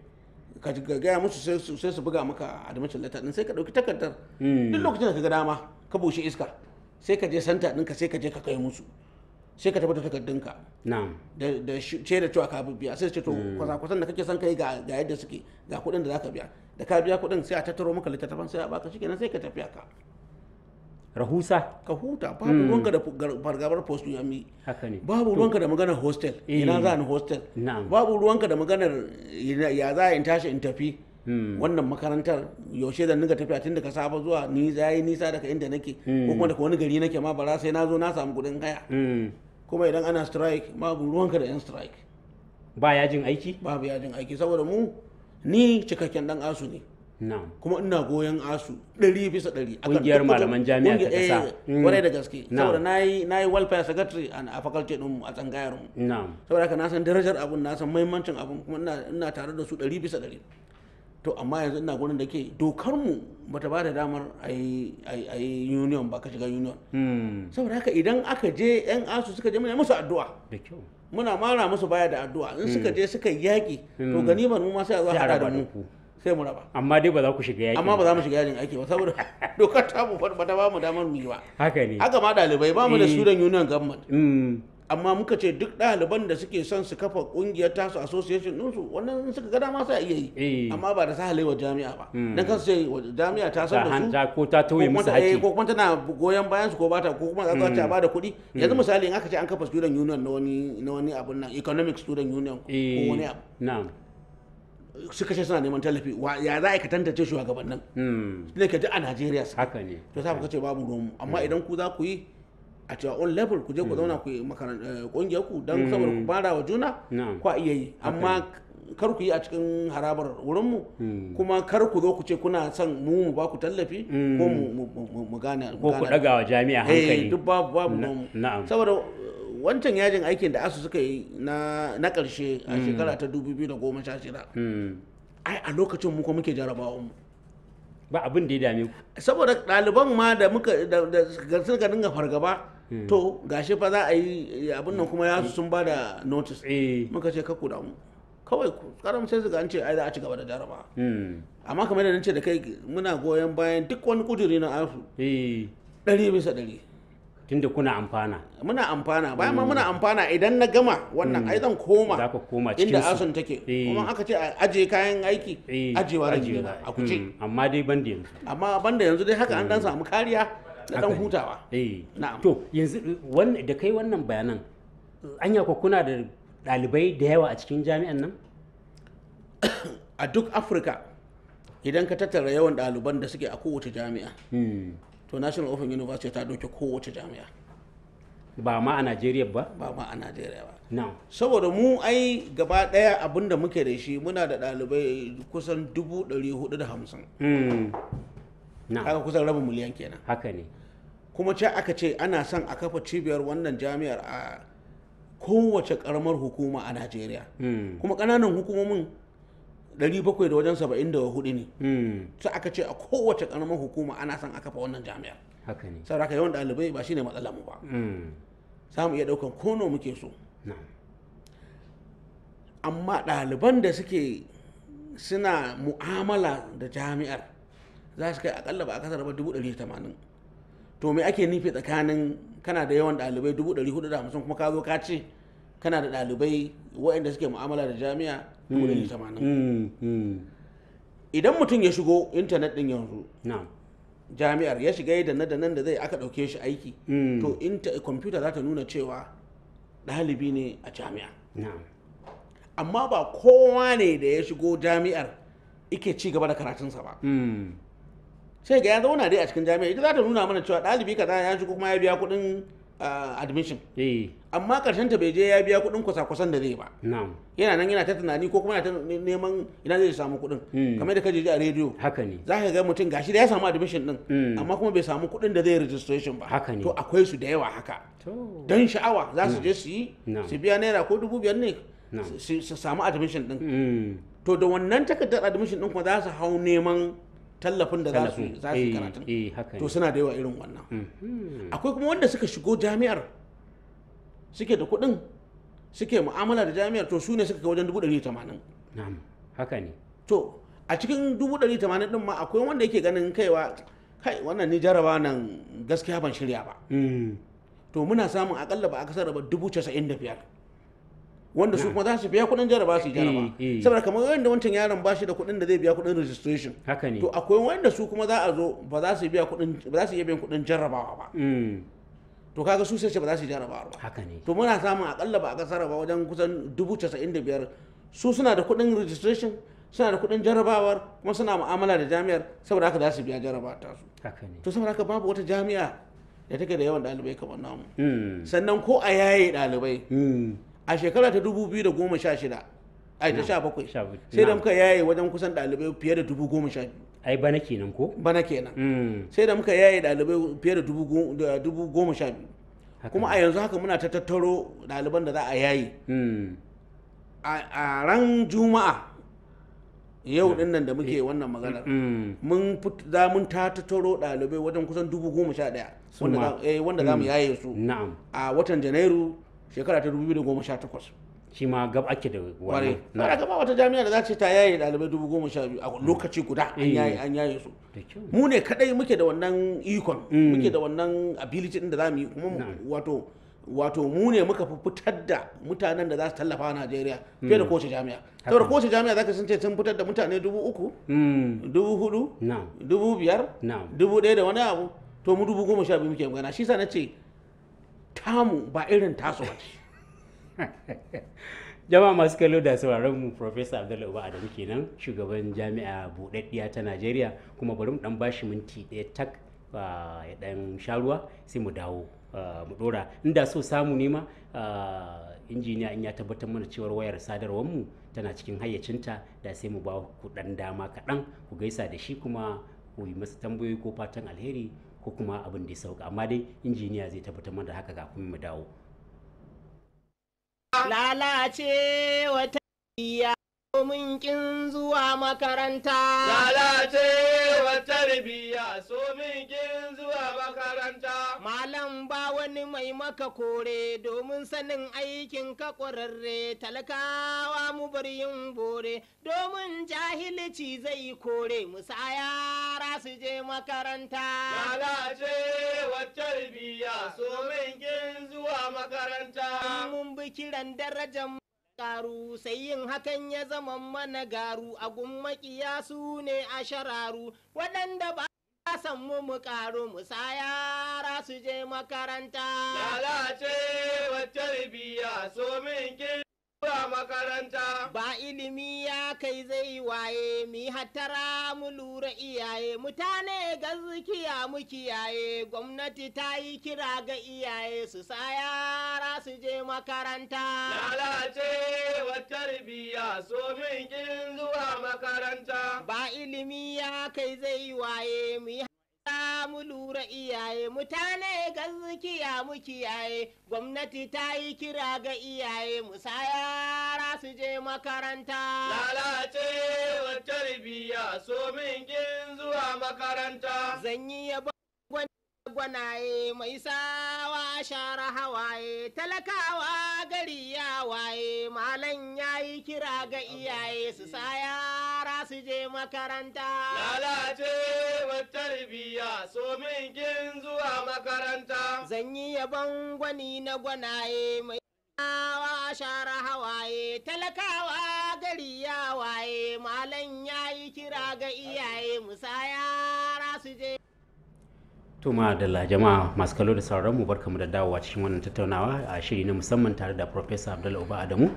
ka gaya musu sai su buga maka a dimashin din sai ka ɗauki takardar hmm. duk lokacin da ka ga dama ka bushe iska sai ka je santa ɗinka sai ka je ka kai musu sai ka tabbatar takardunka na'am da ce da cewa ka biya sai ce to hmm. kwasa-kwasan da kake son kai ga yadda suke ga kuɗin da zaka biya da ka biya kuɗin sai a tattaro maka littattafan sai a baka shi kenan sai ka tafiya ka rahusa ka huta babu hmm. ruwanka da fargabar post yammi. haka ne babu ruwanka da maganar hostel ina eh. za ni hostel babu ruwanka da maganar ya za in tashi in tafi hmm. wannan makarantar yaushe zan niga tafiya tun daga saba zuwa ni yayi nisa daga inda nake ko kuma daga wani gari nake ma bara sai na zo na samu kuɗin kaya kuma idan ana strike babu ruwanka da 'yan strike ba yajin aiki babu yajin aiki saboda mu ni cikakken dan asu ne kuma ina goyon asu ɗari bisa ɗari a ƙungiyar malaman jami'a ta ƙasa eh, mm. ƙwarai da gaske saboda na yi na yi welfare secretary a faculty ɗin a tsangayar mu saboda haka na san darajar abun na san mahimmancin abun kuma ina tare da su ɗari bisa ɗari to amma yanzu ina gurin da ke dokar mu bata ba da damar a yi union ba ka shiga union hmm. saboda haka idan aka je yan asu suka je muna musu addu'a muna mara musu baya da addu'a in hmm. suka je suka yaƙi to ba hmm. mu ma sai a zo hada da mu sai mu raba amma dai ba za ku shiga yaƙi amma ba za mu shiga yaƙin aiki ba saboda dokar ta mu ba ta ba mu damar mu yi ba haka ne haka ma ɗalibai ba mu da eh. student union government amma muka ce duk ɗaliban da suke son su kafa ƙungiyar tasu association ɗinsu wannan suka gada ma sai iya yi eh. amma ba da sa wa jami'a ba na kan sai jami'a ta san da su ko ta tauye musu eh, haƙƙi ko kuma tana goyon bayan su ko bata ko kuma za ta hmm. bada kuɗi hmm. yanzu misali in aka ce an kafa student union na wani na wani abun nan economic student union ko eh. wani abu na'am suka ce suna neman tallafi ya za a ka tantance nan hmm. ne ka ji a Najeriya haka ne to sai ka ce babu nomu amma idan ku za ku yi a cewa on level ku je ku hmm. zauna ku kungiyar eh, ku don hmm. saboda ku fara wa juna ku iya yi amma kar ku yi a cikin harabar wurinmu hmm. kuma kar ku zo ku ce kuna son mu mu ba ku tallafi ko mu mu gane ko ku daga wa jami'a eh, hankali duk babu babu mu saboda wancan yajin aikin da asu suka yi na karshe a shekara ta 2016 ai a lokacin mu ko muke jarabawan mu ba abin da ya dame ku saboda ɗaliban ma da muka da suka dinga fargaba to hmm. gashi fa za a yi eh, abin nan kuma yasu sun ba da notice eh. muka ce kakku mu. kawai karam sai su ga an ce ai za a ci gaba da jaraba hmm. amma kamar da ce da kai muna goyon bayan duk wani kuduri na asu Dari eh. bisa dari. tunda kuna amfana muna amfana bayan ma hmm. muna amfana idan na gama wannan ai zan koma za ka koma cikin inda asun take kuma aka ce aje kayan aiki ajewa rage a kuce amma dai banda yanzu amma banda yanzu dai haka an dan samu kariya na dan hutawa eh. Na'am to yanzu da kai wannan bayanan anya ko kuna da dalibai da yawa a cikin jami'an nan a duk afirka idan ka tattara yawan ɗaliban da suke a kowace jami'a hmm. to national open university ta doke kowace jami'a ba ma a najeriya ba ba ma a najeriya ba no. saboda mu ai gaba ɗaya abinda muke da shi muna da dalibai kusan dubu ɗari hudu da hamsin hmm. haka kusan rabin miliyan kenan haka ne kuma ce aka ce ana son a kafa cibiyar wannan jami'ar a kowace karamar hukuma a najeriya hmm. kuma ƙananan hukumomin 700 da wajen 74 ne hmm. sai aka ce a kowace karamar hukuma ana son a kafa wannan jami'ar saboda haka yawan ɗalibai ba shine matsala mu ba samu hmm. iya ɗaukan kono muke so amma ɗaliban da suke suna mu'amala da jami'ar za su kai akalla ba a kasar ba dubu ɗari to me ake nufi tsakanin kana da yawan dalibai dubu hudu da hamsin kuma ka zo ka ce kana da dalibai waɗanda suke mu'amala da jami'a dubu hmm. Hmm. Hmm. idan mutum ya shigo intanet ɗin yanzu jami'ar ya shiga da da nan da zai aka ɗauke shi aiki to kwamfuta za ta nuna cewa ɗalibi ne a jami'a amma ba kowa ne da ya shigo jami'ar ike ci gaba da karatunsa ba sai ga ya zauna dai a cikin jami'a ita za ta nuna mana cewa ɗalibi kaza ya shigo kuma ya biya kuɗin ah, admission eh. amma karshen ta bai je ya biya kuɗin kwasa-kwasan da zai ba yana nan yana ta tunani ko kuma yana ta neman ina zai samu kuɗin hmm. kamar da kaje ji a rediyo haka ne za ka ga mutum gashi da ya samu admission din hmm. amma kuma bai samu kuɗin da zai registration ba haka ne to akwai su da yawa haka don sha'awa za su hmm. je su yi su biya naira ko dubu biyar ne su samu admission din to da wannan takardar admission din kuma za su hau neman tallafin da za su za eh, karatun eh, to suna da yawa irin wannan hmm. Hmm. akwai kuma wanda suka shigo jami'ar suke da kuɗin suke mu'amala da jami'ar to su ne suka kai wajen dubu ɗari tamanin haka ne to a cikin dubu ɗari tamanin din ma akwai wanda yake ganin kaiwa kai wannan ni jaraba nan gaskiya ban shirya ba hmm. to muna samun akalla ba a kasar ba dubu casa'in da biyar wanda su kuma za su biya kuɗin jaraba su jaraba eh, eh. saboda kamar wanda wancan yaron ba shi da kuɗin da zai biya kuɗin registration haka ne to akwai wanda su kuma za a zo ba za su biya kuɗin ba za su iya biyan kuɗin jarabawa ba mm. to kaga su sai ba za su jarabawa ba haka ne to muna samun akalla ba a kasar ba wajen kusan dubu casa'in da biyar su suna da kuɗin registration suna da kuɗin jarabawar kuma suna mu'amala da jami'ar saboda haka za su biya jarabawa ta su to saboda haka babu wata jami'a da take da yawan ɗalibai kamar namu mm. sannan ko a yaye ɗalibai mm. a shekara ta 2016 ai ta 17 sai da muka yaye wajen kusan ɗalibai fiye da 12,000 ai bana kenan ko bana kenan mm. sai da muka yaye ɗalibai fiye da biyu. kuma a yanzu haka muna ta tattaro daliban da za a yaye mm. a ran juma'a yau din nan da muke eh, wannan maganar mm. mun za mun ta tattaro ɗalibai wajen kusan dubu goma sha ɗaya wanda eh, za mu yaye su a watan janairu shekara ta 2018 shi ma gab ake da wani na gaba wata jami'a da za ce ta yaye dalibai dubu goma sha biyu a lokaci guda an eh. yaye an yaye su mu ne kadai muke da wannan ikon mm. muke da wannan ability din da za mu yi kuma wato wato mu ne muka fi fitar da mutanen da za su tallafa a Najeriya mm. fiye da kowace jami'a. Saboda kowace jami'a za ka sun ce sun fitar da mutane dubu uku, mm. dubu hudu, dubu biyar, dubu ɗaya da wani abu, to mu dubu goma sha biyu muke magana. Shi sa na ce tamu ba irin tasu ba jama'a masu kallo da sauraron mu professor abdullahi uba adamu kenan shugaban jami'a buɗaɗɗiya ta najeriya kuma bari mu dan bashi minti ɗaya tak ah, ya dan sharuwa sai mu dawo ah, mu dora inda so samu ne ma ah, injiniya in ya tabbatar mana cewar wayar sadarwar mu tana cikin hayyacinta da sai mu ba ku dan dama kaɗan ku gaisa da shi kuma ku yi masa tambayoyi ko fatan alheri ko kuma abin da ya sauka amma dai injiniya zai tabbatar mana da haka ga kuma mu dawo lalace wata Mun kin zuwa makaranta. Lalace tarbiyya so min kin zuwa makaranta. Malam ba wani mai maka kore domin sanin aikin ka ƙwararre talakawa mu bar yin bore domin jahilci zai kore musa yara su je makaranta. Lalace tarbiyya so min kin zuwa makaranta. Mun bi kiran darajar karu sai yin hakan ya zama mana garu a makiya su ne a shararu waɗanda ba san mu mu karu mu sa yara su je makaranta lalace wa tarbiya so min ba makaranta ba ilimi ya kai zai waye mi hatara mu lura iyaye mutane gazzikiya mu kiyaye gwamnati ta yi kira ga iyaye su sa yara makaranta. wa tarbiyya so min kin zuwa makaranta. Ba ilimi ya kai zai waye mu yi mu lura iyaye mutane gazzikiya mu kiyaye gwamnati ta yi kira ga iyaye mu sa yara su je makaranta Lalace wa tarbiyya so min zuwa makaranta zan yi gwanaye mai sawa shara hawaye talakawa gari ya waye malam ya yi kira ga iyaye su sa yara su je makaranta lalace tarbiyya so min kin zuwa makaranta zan yi yabon gwani na gwanaye mai Talakawa shara hawaye, talakawa gari ya waye, malam ya yi kira ga iyaye musaya. To da jama'a masu kallo da sauran mu barkamu da dawowa cikin wannan tattaunawa a shiri na musamman tare da Professor Abdul Uba Adamu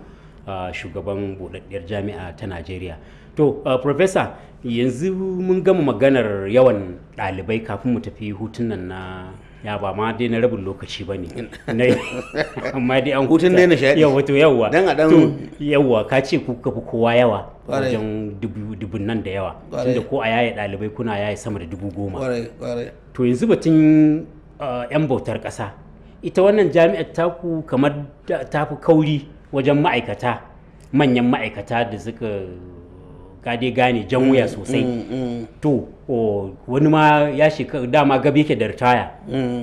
shugaban budaddiyar jami'a ta Najeriya. To Professor yanzu mun gama maganar yawan ɗalibai kafin mu tafi hutun nan na ya ba ma dai na rabin lokaci ba ne amma dai an hutun dai na shaɗi yawa to yawa ka ce ku fi kowa yawa wajen dubun nan da yawa tunda ko a yaye ɗalibai kuna yaye sama da dubu goma to yanzu batun ah, yan bautar ƙasa ita wannan jami'ar taku kamar ta fi kauri wajen ma'aikata manyan ma'aikata da suka ka dai gane jan wuya mm, sosai mm, mm. to wani ma ya shiga dama gabi yake da ritaya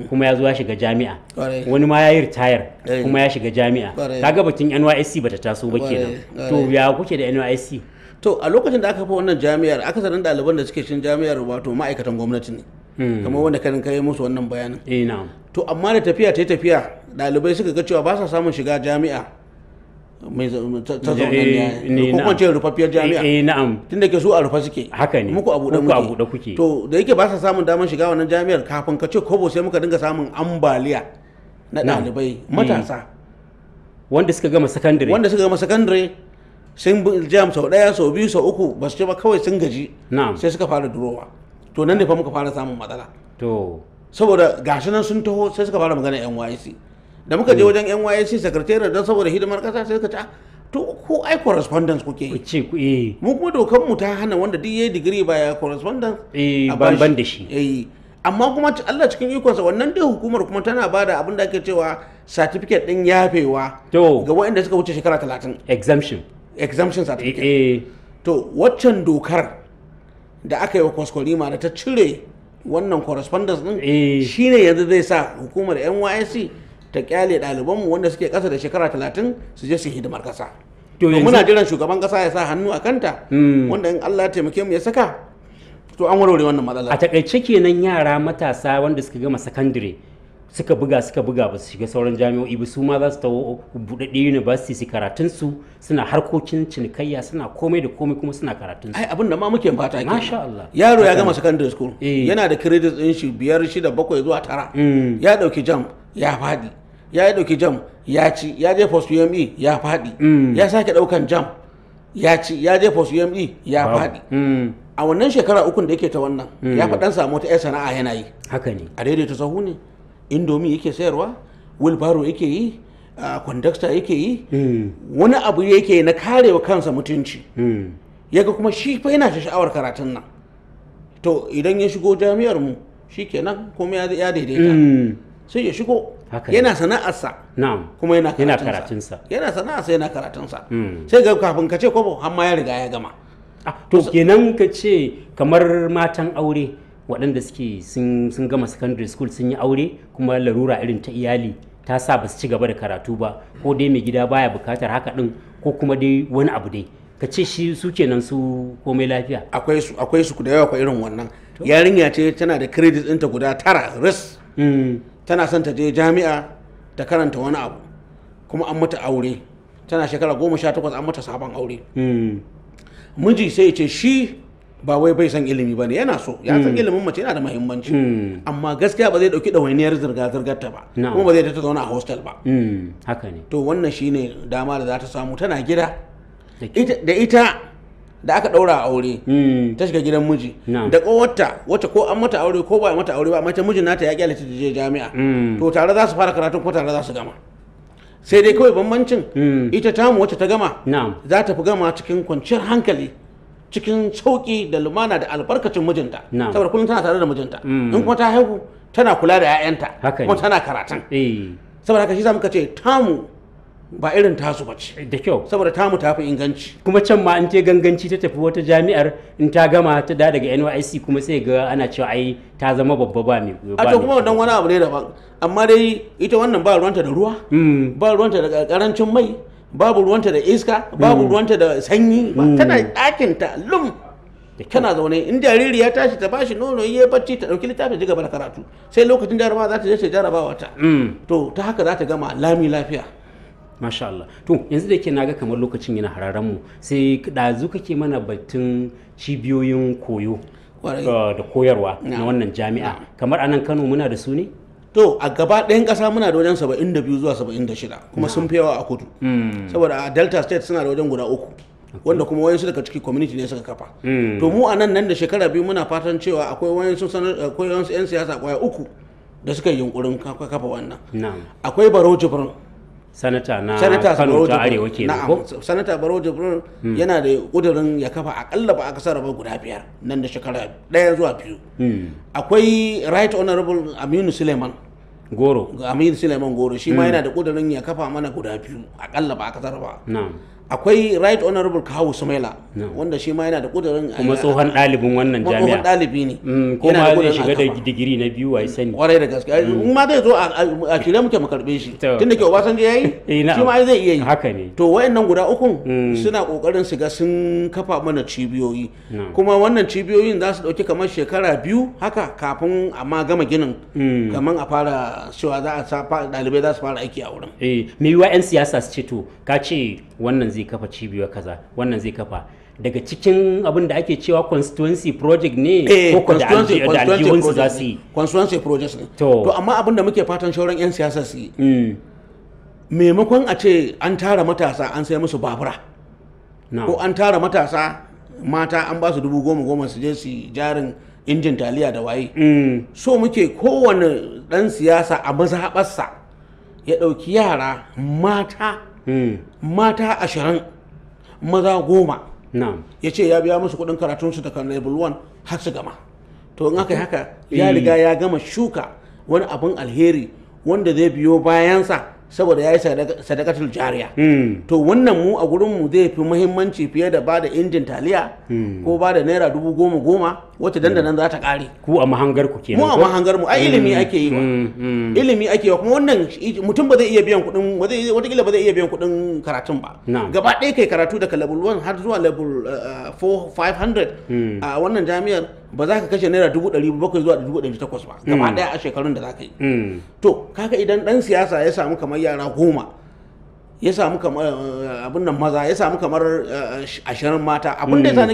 kuma ya zo ya shiga jami'a wani ma ya yi ritayar kuma ya shiga jami'a ta gabatin NYSC bata taso ba kenan to ya kuke da NYSC to a lokacin da aka fa wannan jami'ar aka sanin ɗaliban da suke cin jami'ar wato ma'aikatan gwamnati ne kamar wanda kan kai musu wannan bayanin eh, to amma da tafiya ta tafiya ɗalibai suka ga cewa ba sa samun shiga jami'a mai ta zaunaniya ko kwance rufaffiyar eh, jami'a eh na'am tunda ke su a rufa suke haka ne muku abu da muke to da yake ba sa samun damar shiga wannan jami'ar kafin ka ce kobo sai muka dinga samun ambaliya na ɗalibai mm. matasa wanda suka gama sakandare wanda suka gama sakandare sun jam sau ɗaya sau biyu sau uku ba su ce ba kawai sun gaji sai suka fara durowa to nan ne fa muka fara samun matsala to saboda gashi nan sun taho sai suka fara magana YC. da muka je eh. wajen NYSC secretary don saboda hidimar kasa sai ka ci ah, to ko ai correspondence kuke yi ce ku eh mu kuma dokan mu ta hana wanda duk yayi digiri ba ya correspondence eh ban da shi eh amma kuma Allah cikin sa wannan dai hukumar kuma tana ba da abin da ake cewa certificate din yafewa ga waɗanda suka wuce shekara 30 exemption exemption eh, certificate eh to waccan dokar da aka yi wa ma da ta cire wannan correspondence din eh. shine yanzu zai sa hukumar NYSC ta kyale ɗalibanmu wanda suke ƙasa da shekara talatin su je su hidimar ƙasa to muna jiran shugaban ƙasa ya sa hannu a kanta hmm. wanda in Allah ya taimake mu ya saka to an warware wannan matsala a takaice kenan yara matasa wanda suka gama sakandare suka buga suka buga ba su shiga sauran jami'o'i ba su ma za su ta buɗaɗɗe university su karatun su suna harkokin cinikayya suna komai da komai kuma suna karatun su ai abin da ma muke fata ke masha Allah yaro ya gama secondary school eh. yana da credit din shi biyar shida bakwai zuwa tara hmm. ya dauki jam ya fadi ya yi ɗauki jam ya ci ya je post ume ya faɗi mm. ya sake ɗaukan jam ya ci ya je post ume ya faɗi mm. a wannan shekara ukun da yake ta wannan mm. ya faɗan samu wata 'yar sana'a yana yi haka ne a daidaita sahu ne indomi yake sayarwa wilbaro yake yi kwandakta yake yi wani abu yake na karewa kansa mutunci ya ga kuma shi fa yana sha'awar karatun nan to idan ya shigo jami'ar mu shi kenan kuma ya daidaita sai ya shigo yana sana'arsa kuma yana karatunsa yana sana'arsa yana karatunsa hmm. sai ga kafin ka ce kwabo har ma ya riga ya gama ah, to kenan ka ce kamar matan aure waɗanda suke sun gama secondary school sun yi aure kuma larura irin ta iyali ta sa ba su ci gaba da karatu ba ko dai mai gida baya bukatar haka ɗin ko kuma dai wani abu dai ka ce shi su kenan su komai lafiya akwai su akwai da yawa kwa irin wannan yarinya ce tana da credit ɗinta guda tara ris hmm. tana son ta je jami'a ta karanta wani abu kuma an mata aure tana shekara goma sha takwas an mata sabon aure hmm. miji sai ce shi ba wai bai san ilimi ba ne yana so ya san hmm. ilimin mace yana da mahimmanci amma gaskiya ba zai dauki ɗawainiyar zirga-zirgar ta ba kuma ba zai ta zauna a hostel ba to wannan shine dama da za ta samu tana gida da ita da aka ɗaura a aure hmm. ta shiga gidan miji da kowata wacce ko an mata aure ko ba a mata aure ba amma ta mijin nata ya kyalata ta je jami'a hmm. to tare za su fara karatu ko tare za su gama sai dai kawai bambancin hmm. ita tamu wacce ta gama za ta fi gama cikin kwanciyar hankali cikin sauki da lumana da albarkacin mijinta saboda kullum tana tare da mijinta in kuma ta haihu tana kula da 'ya'yanta kuma tana karatun eh. saboda haka shi za muka ce tamu ba irin tasu ba ce da kyau saboda tamu ta fi inganci kuma can ma in ta ganganci ta tafi wata jami'ar in ta gama ta da daga NYC kuma sai ga ana cewa ai ta zama babba ba ne a to kuma wannan wani abu ne daban amma dai ita wannan ba ruwanta da ruwa mm. ba ruwanta da karancin mai babu ruwanta da iska babu mm. ruwanta da sanyi mm. tana ɗakin ta lum Kana zaune in jariri ya tashi ta bashi nono ya bacci ta dauki littafin ji gaba da karatu sai lokacin jarabawa za ta je ta jarabawa ta to ta haka za ta gama lami lafiya masha Allah to yanzu da ke naga kamar lokacin yana hararen mu sai ɗazu kake mana batun cibiyoyin koyo eh, da koyarwa na wannan jami'a kamar anan Kano muna da su ne to a gaba ɗayan ƙasa muna da wajen 72 zuwa 76 kuma sun fi yawa a kudu hmm. saboda a delta state suna da wajen guda uku wanda kuma wayansu daga ciki community ne suka kafa hmm. to mu a nan nan da shekara biyu muna fatan cewa akwai wayansu akwai wayansu yan siyasa kwaya uku da suka yi yunkurin kafa wannan akwai baro jibrin sanata na kano ta arewa ke ko sanata baro jibril hmm. yana da kudurin ya kafa akalla ba a kasar rabar guda biyar nan da shekara daya zuwa biyu hmm. akwai right honorable aminu suleiman goro aminu suleiman goro shi ma hmm. yana da kudurin ya kafa mana guda biyu akalla ba a kasar ba akwai right honorable kawo sumaila wanda shi ma yana da kudurin kuma tsohon dalibin wannan jami'a mm, kuma dalibi ne ko ma zai shiga da digiri na biyu wai sani kwarai da gaske in mm. ma zai zo a shirye muke mu karbe shi tunda ke obasanjo yayi eh, shi ma zai iya yi haka ne to wayannan guda uku mm. suna kokarin shiga sun kafa mana cibiyoyi kuma wannan cibiyoyin za su dauki kamar shekara biyu haka kafin amma gama ginin kamar a fara cewa za a sa dalibai za su fara aiki a wurin eh me yiwa 'yan siyasa su ce to ka ce wannan zai kafa cibiyar kaza wannan zai kafa daga cikin abin da ake cewa constituency project ne eh, ko da za su yi constituency project ne to amma abin da muke fatan shauran 'yan siyasa su yi mm. maimakon a ce an tara matasa an sai musu babura ko an tara matasa mata an ba su dubu goma goma su je su jarin injin taliya da waye mm. so muke kowane dan siyasa a mazaɓarsa ya ɗauki yara mata Hmm. mata ashirin maza goma ya ce ya biya musu kuɗin karatunsu daga level 1 har su gama to in aka yi haka ya hmm. riga ya gama shuka wani abin alheri wanda zai biyo bayansa saboda ya yi sadakatul jariya hmm. to wannan mu a gurin mu zai fi muhimmanci fiye da ba da injin taliya hmm. ko ba da naira dubu goma goma Wata hmm. dandanan za ta kare ku a mahangar ku kenan mu a mahangar mu ai ilimi ake yi wa ilimi ake yi wa kuma wannan mutum ba zai iya biyan kuɗin watakila ba zai iya biyan kuɗin karatun ba gaba ɗaya kai karatu daga level 1 har zuwa level 500 uh, uh, a wannan jami'ar ba za ka kashe naira dubu ɗari bakwai zuwa dubu ɗari takwas ba gaba hmm. ɗaya a shekarun da za ka yi hmm. to kaga idan ɗan siyasa ya samu kamar yara goma ya samu kamar eh, abin nan maza ya samu kamar eh, ashirin mata abin da ya hmm.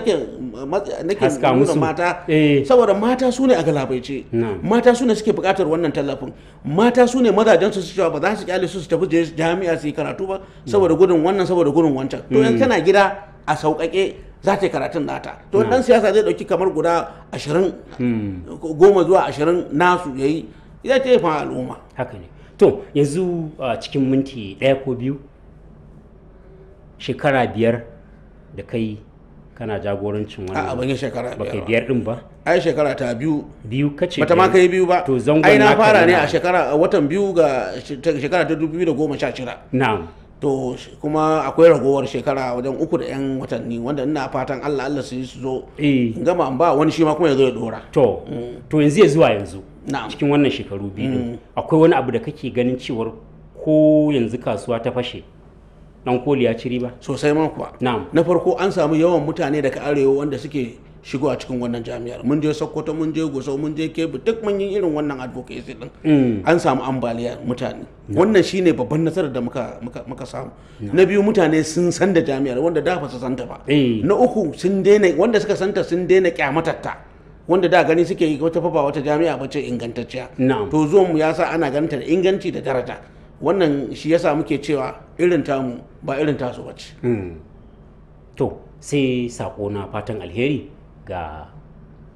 nake nake nuna mata eh. saboda mata su ne a galabaice mata su ne suke buƙatar wannan tallafin mata su ne mazajen su cewa ba za su kyale su su tafi jami'a su yi karatu ba saboda gudun wannan saboda gudun wancan to yanzu tana gida a sauƙaƙe za ta yi karatun nata to dan hmm. siyasa zai dauki kamar guda ashirin hmm. goma zuwa ashirin nasu ya yi yi taimaka al'umma haka ne to yanzu cikin minti ɗaya ko biyu shekara biyar da kai kana jagorancin wani a ban yi shekara biyar ba kai biyar din ba ai shekara ta biyu biyu kace bata ma kai biyu ba to zangon ai na fara ne a shekara watan biyu ga shekara ta 2019 na'am to kuma akwai ragowar shekara wajen uku da 'yan watanni wanda ina fatan allah allah su yi su zo eh. gama ba wani shi ma kuma ya zo ya dora to mm. to yanzu ya zuwa yanzu cikin wannan shekaru biyu mm. akwai wani abu da kake ganin cewar ko yanzu kasuwa ta fashe dan koli ya ci riba sosai ma kuwa na farko an samu yawan mutane daga arewa wanda suke shigo a cikin wannan jami'ar mun je sokoto mun je goso mun je kebbi duk mun yi irin wannan advocacy din mm. an samu ambaliya mutane wannan shine babban nasarar da muka muka samu na biyu mutane sun san da jami'ar wanda da ba su ta ba eh. na uku sun daina wanda suka santa sun daina kyamatatta wanda da gani suke yi wata fafa wata jami'a ba ce ingantacciya to zuwan mu yasa ana ganta da inganci da daraja wannan shi yasa muke cewa irin tamu ba irin tasu bace mm. to sai sako na fatan alheri ga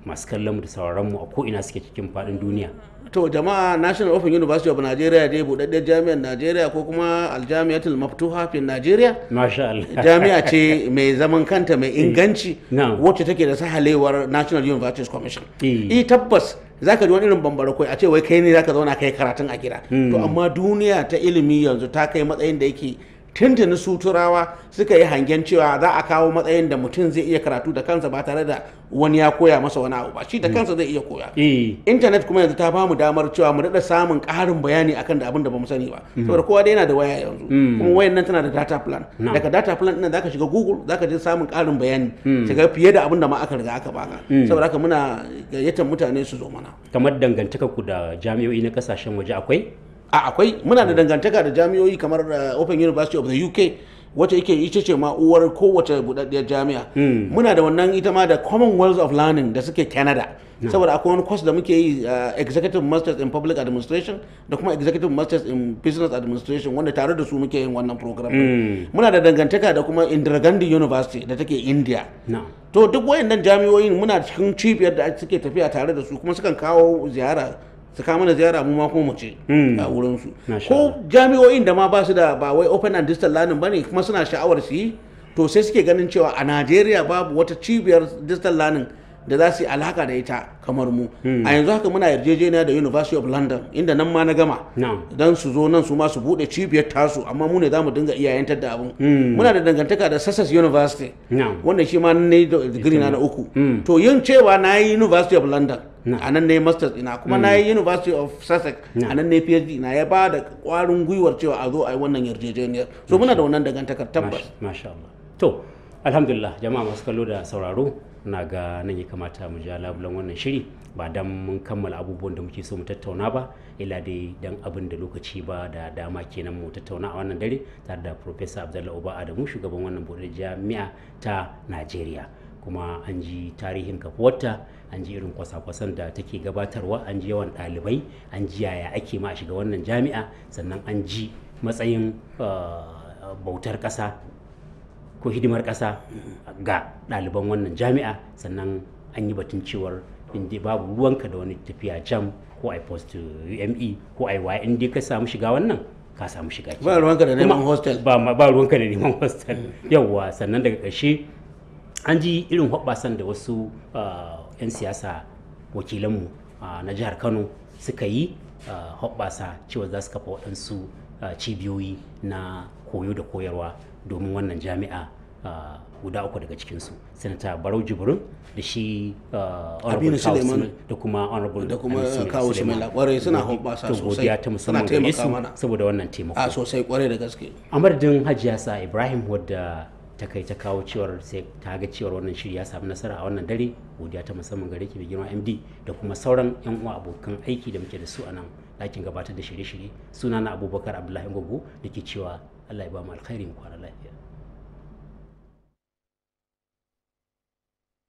masu kallon mu da sauraron mu a ko ina suke cikin faɗin duniya. To jama'a National Open University of Nigeria dai buɗaɗɗen jami'ar nigeria ko kuma aljami'atul maftuha fi nigeria Masha Allah. Jami'a ce mai zaman kanta mai eh, inganci wacce take da sahalewar National Universities Commission. I eh. e, tabbas zaka ji wani irin bambara koi a ce wai kai ne zaka zauna kai karatun a gida. Hmm. To amma duniya ta ilimi yanzu ta kai matsayin da yake tuntuni su turawa suka yi hangen cewa za a kawo matsayin da mutum zai iya karatu da kansa ba tare da wani ya koya masa wani abu ba shi da mm. kansa zai iya koya eh. intanet kuma yanzu ta ba mu damar cewa mu daɗa samun ƙarin bayani akan da abin da bamu sani ba mm. saboda kowa dai yana da waya yanzu mm. kuma wayan nan tana da data plan daga data plan ɗin zaka shiga google zaka je samun ƙarin bayani shiga fiye da abin da ma aka riga aka baka saboda haka muna gayyatar mutane su zo mana kamar dangantakar ku da jami'o'i na kasashen waje akwai a akwai muna da dangantaka da jami'oyi kamar uh, open university of the uk wacce yake ita ce ma uwar kowace budaddiyar jami'a hmm. muna da wannan ita ma da commonwealth of learning da suke canada hmm. saboda akwai wani course da muke yi uh, executive masters in public administration da kuma executive masters in business administration wanda tare da su muke yin wannan program hmm. muna da dangantaka da kuma indira gandhi university da take india to duk wayannan jami'oyin muna cikin cibiyar da suke tafiya tare da su kuma sukan kawo ziyara su kama na ziyara mu ma hmm. ko mu ce a wurin su ko jami'o'in da ma ba su da ba wai open and distant learning bane kuma suna sha'awar su yi to sai suke ganin cewa a Najeriya babu wata cibiyar distant learning da za su yi alaka da ita kamar mu hmm. a yanzu haka muna yarjejeniya da university of london inda nan ma na gama don su zo nan su ma su bude cibiyar tasu amma mu ne za mu dinga iyayentar da abin hmm. muna da dangantaka da sassas university wanda shi ma ne na uku to yin cewa na yi university of london a nan ne masters ina kuma mm. na yi university of sussex a nan ne phd ina ya ba da kwarin gwiwar cewa a zo a yi wannan yarjejeniyar so muna da wannan dangantakar tabbas masha Allah to alhamdulillah jama'a masu kallo da sauraro na ga nan ya kamata mu ja labulan wannan shiri ba dan mun kammala abubuwan da muke so mu tattauna ba ila dai dan abin da lokaci ba da dama kenan mu tattauna a wannan dare tare da professor abdullahi uba adamu shugaban wannan buɗe jami'a ta najeriya kuma an ji tarihin kafuwarta an ji irin kwasa-kwasan da take gabatarwa an ji yawan ɗalibai an ji yaya ake ma a shiga wannan jami'a sannan an ji matsayin ah, bautar ƙasa ko hidimar ƙasa ga ɗaliban wannan jami'a sannan an yi batun cewar inda babu ruwanka da wani tafiya jam ko a post ume ko a Y inda ka samu shiga wannan ka samu shiga ba ruwanka da neman hostel ba mm. ba ruwanka da neman hostel yawwa sannan daga ƙarshe an ji irin hoɓɓasan da wasu uh, 'yan siyasa wakilanmu na jihar kano suka yi hoɓɓasa cewa za su kafa waɗansu cibiyoyi na koyo da koyarwa domin wannan jami'a guda uku daga cikinsu sanata barau jibrin da shi abinu suleiman da kuma honorable da kuma kawo shi mai kwarai suna hoɓasa sosai godiya ta musamman gare yesu saboda wannan taimako a sosai kwarai da gaske a madadin hajiya sa ibrahim wadda ta kai ta kawo cewar sai ta ga cewar wannan shiri ya samu nasara a wannan dare godiya ta musamman gare ki da girma md da kuma sauran yan uwa abokan aiki da muke da su a nan ɗakin gabatar da shirye-shirye suna na abubakar abdullahi gogo da ke cewa allah ya ba mu alkhairi mu kwana lafiya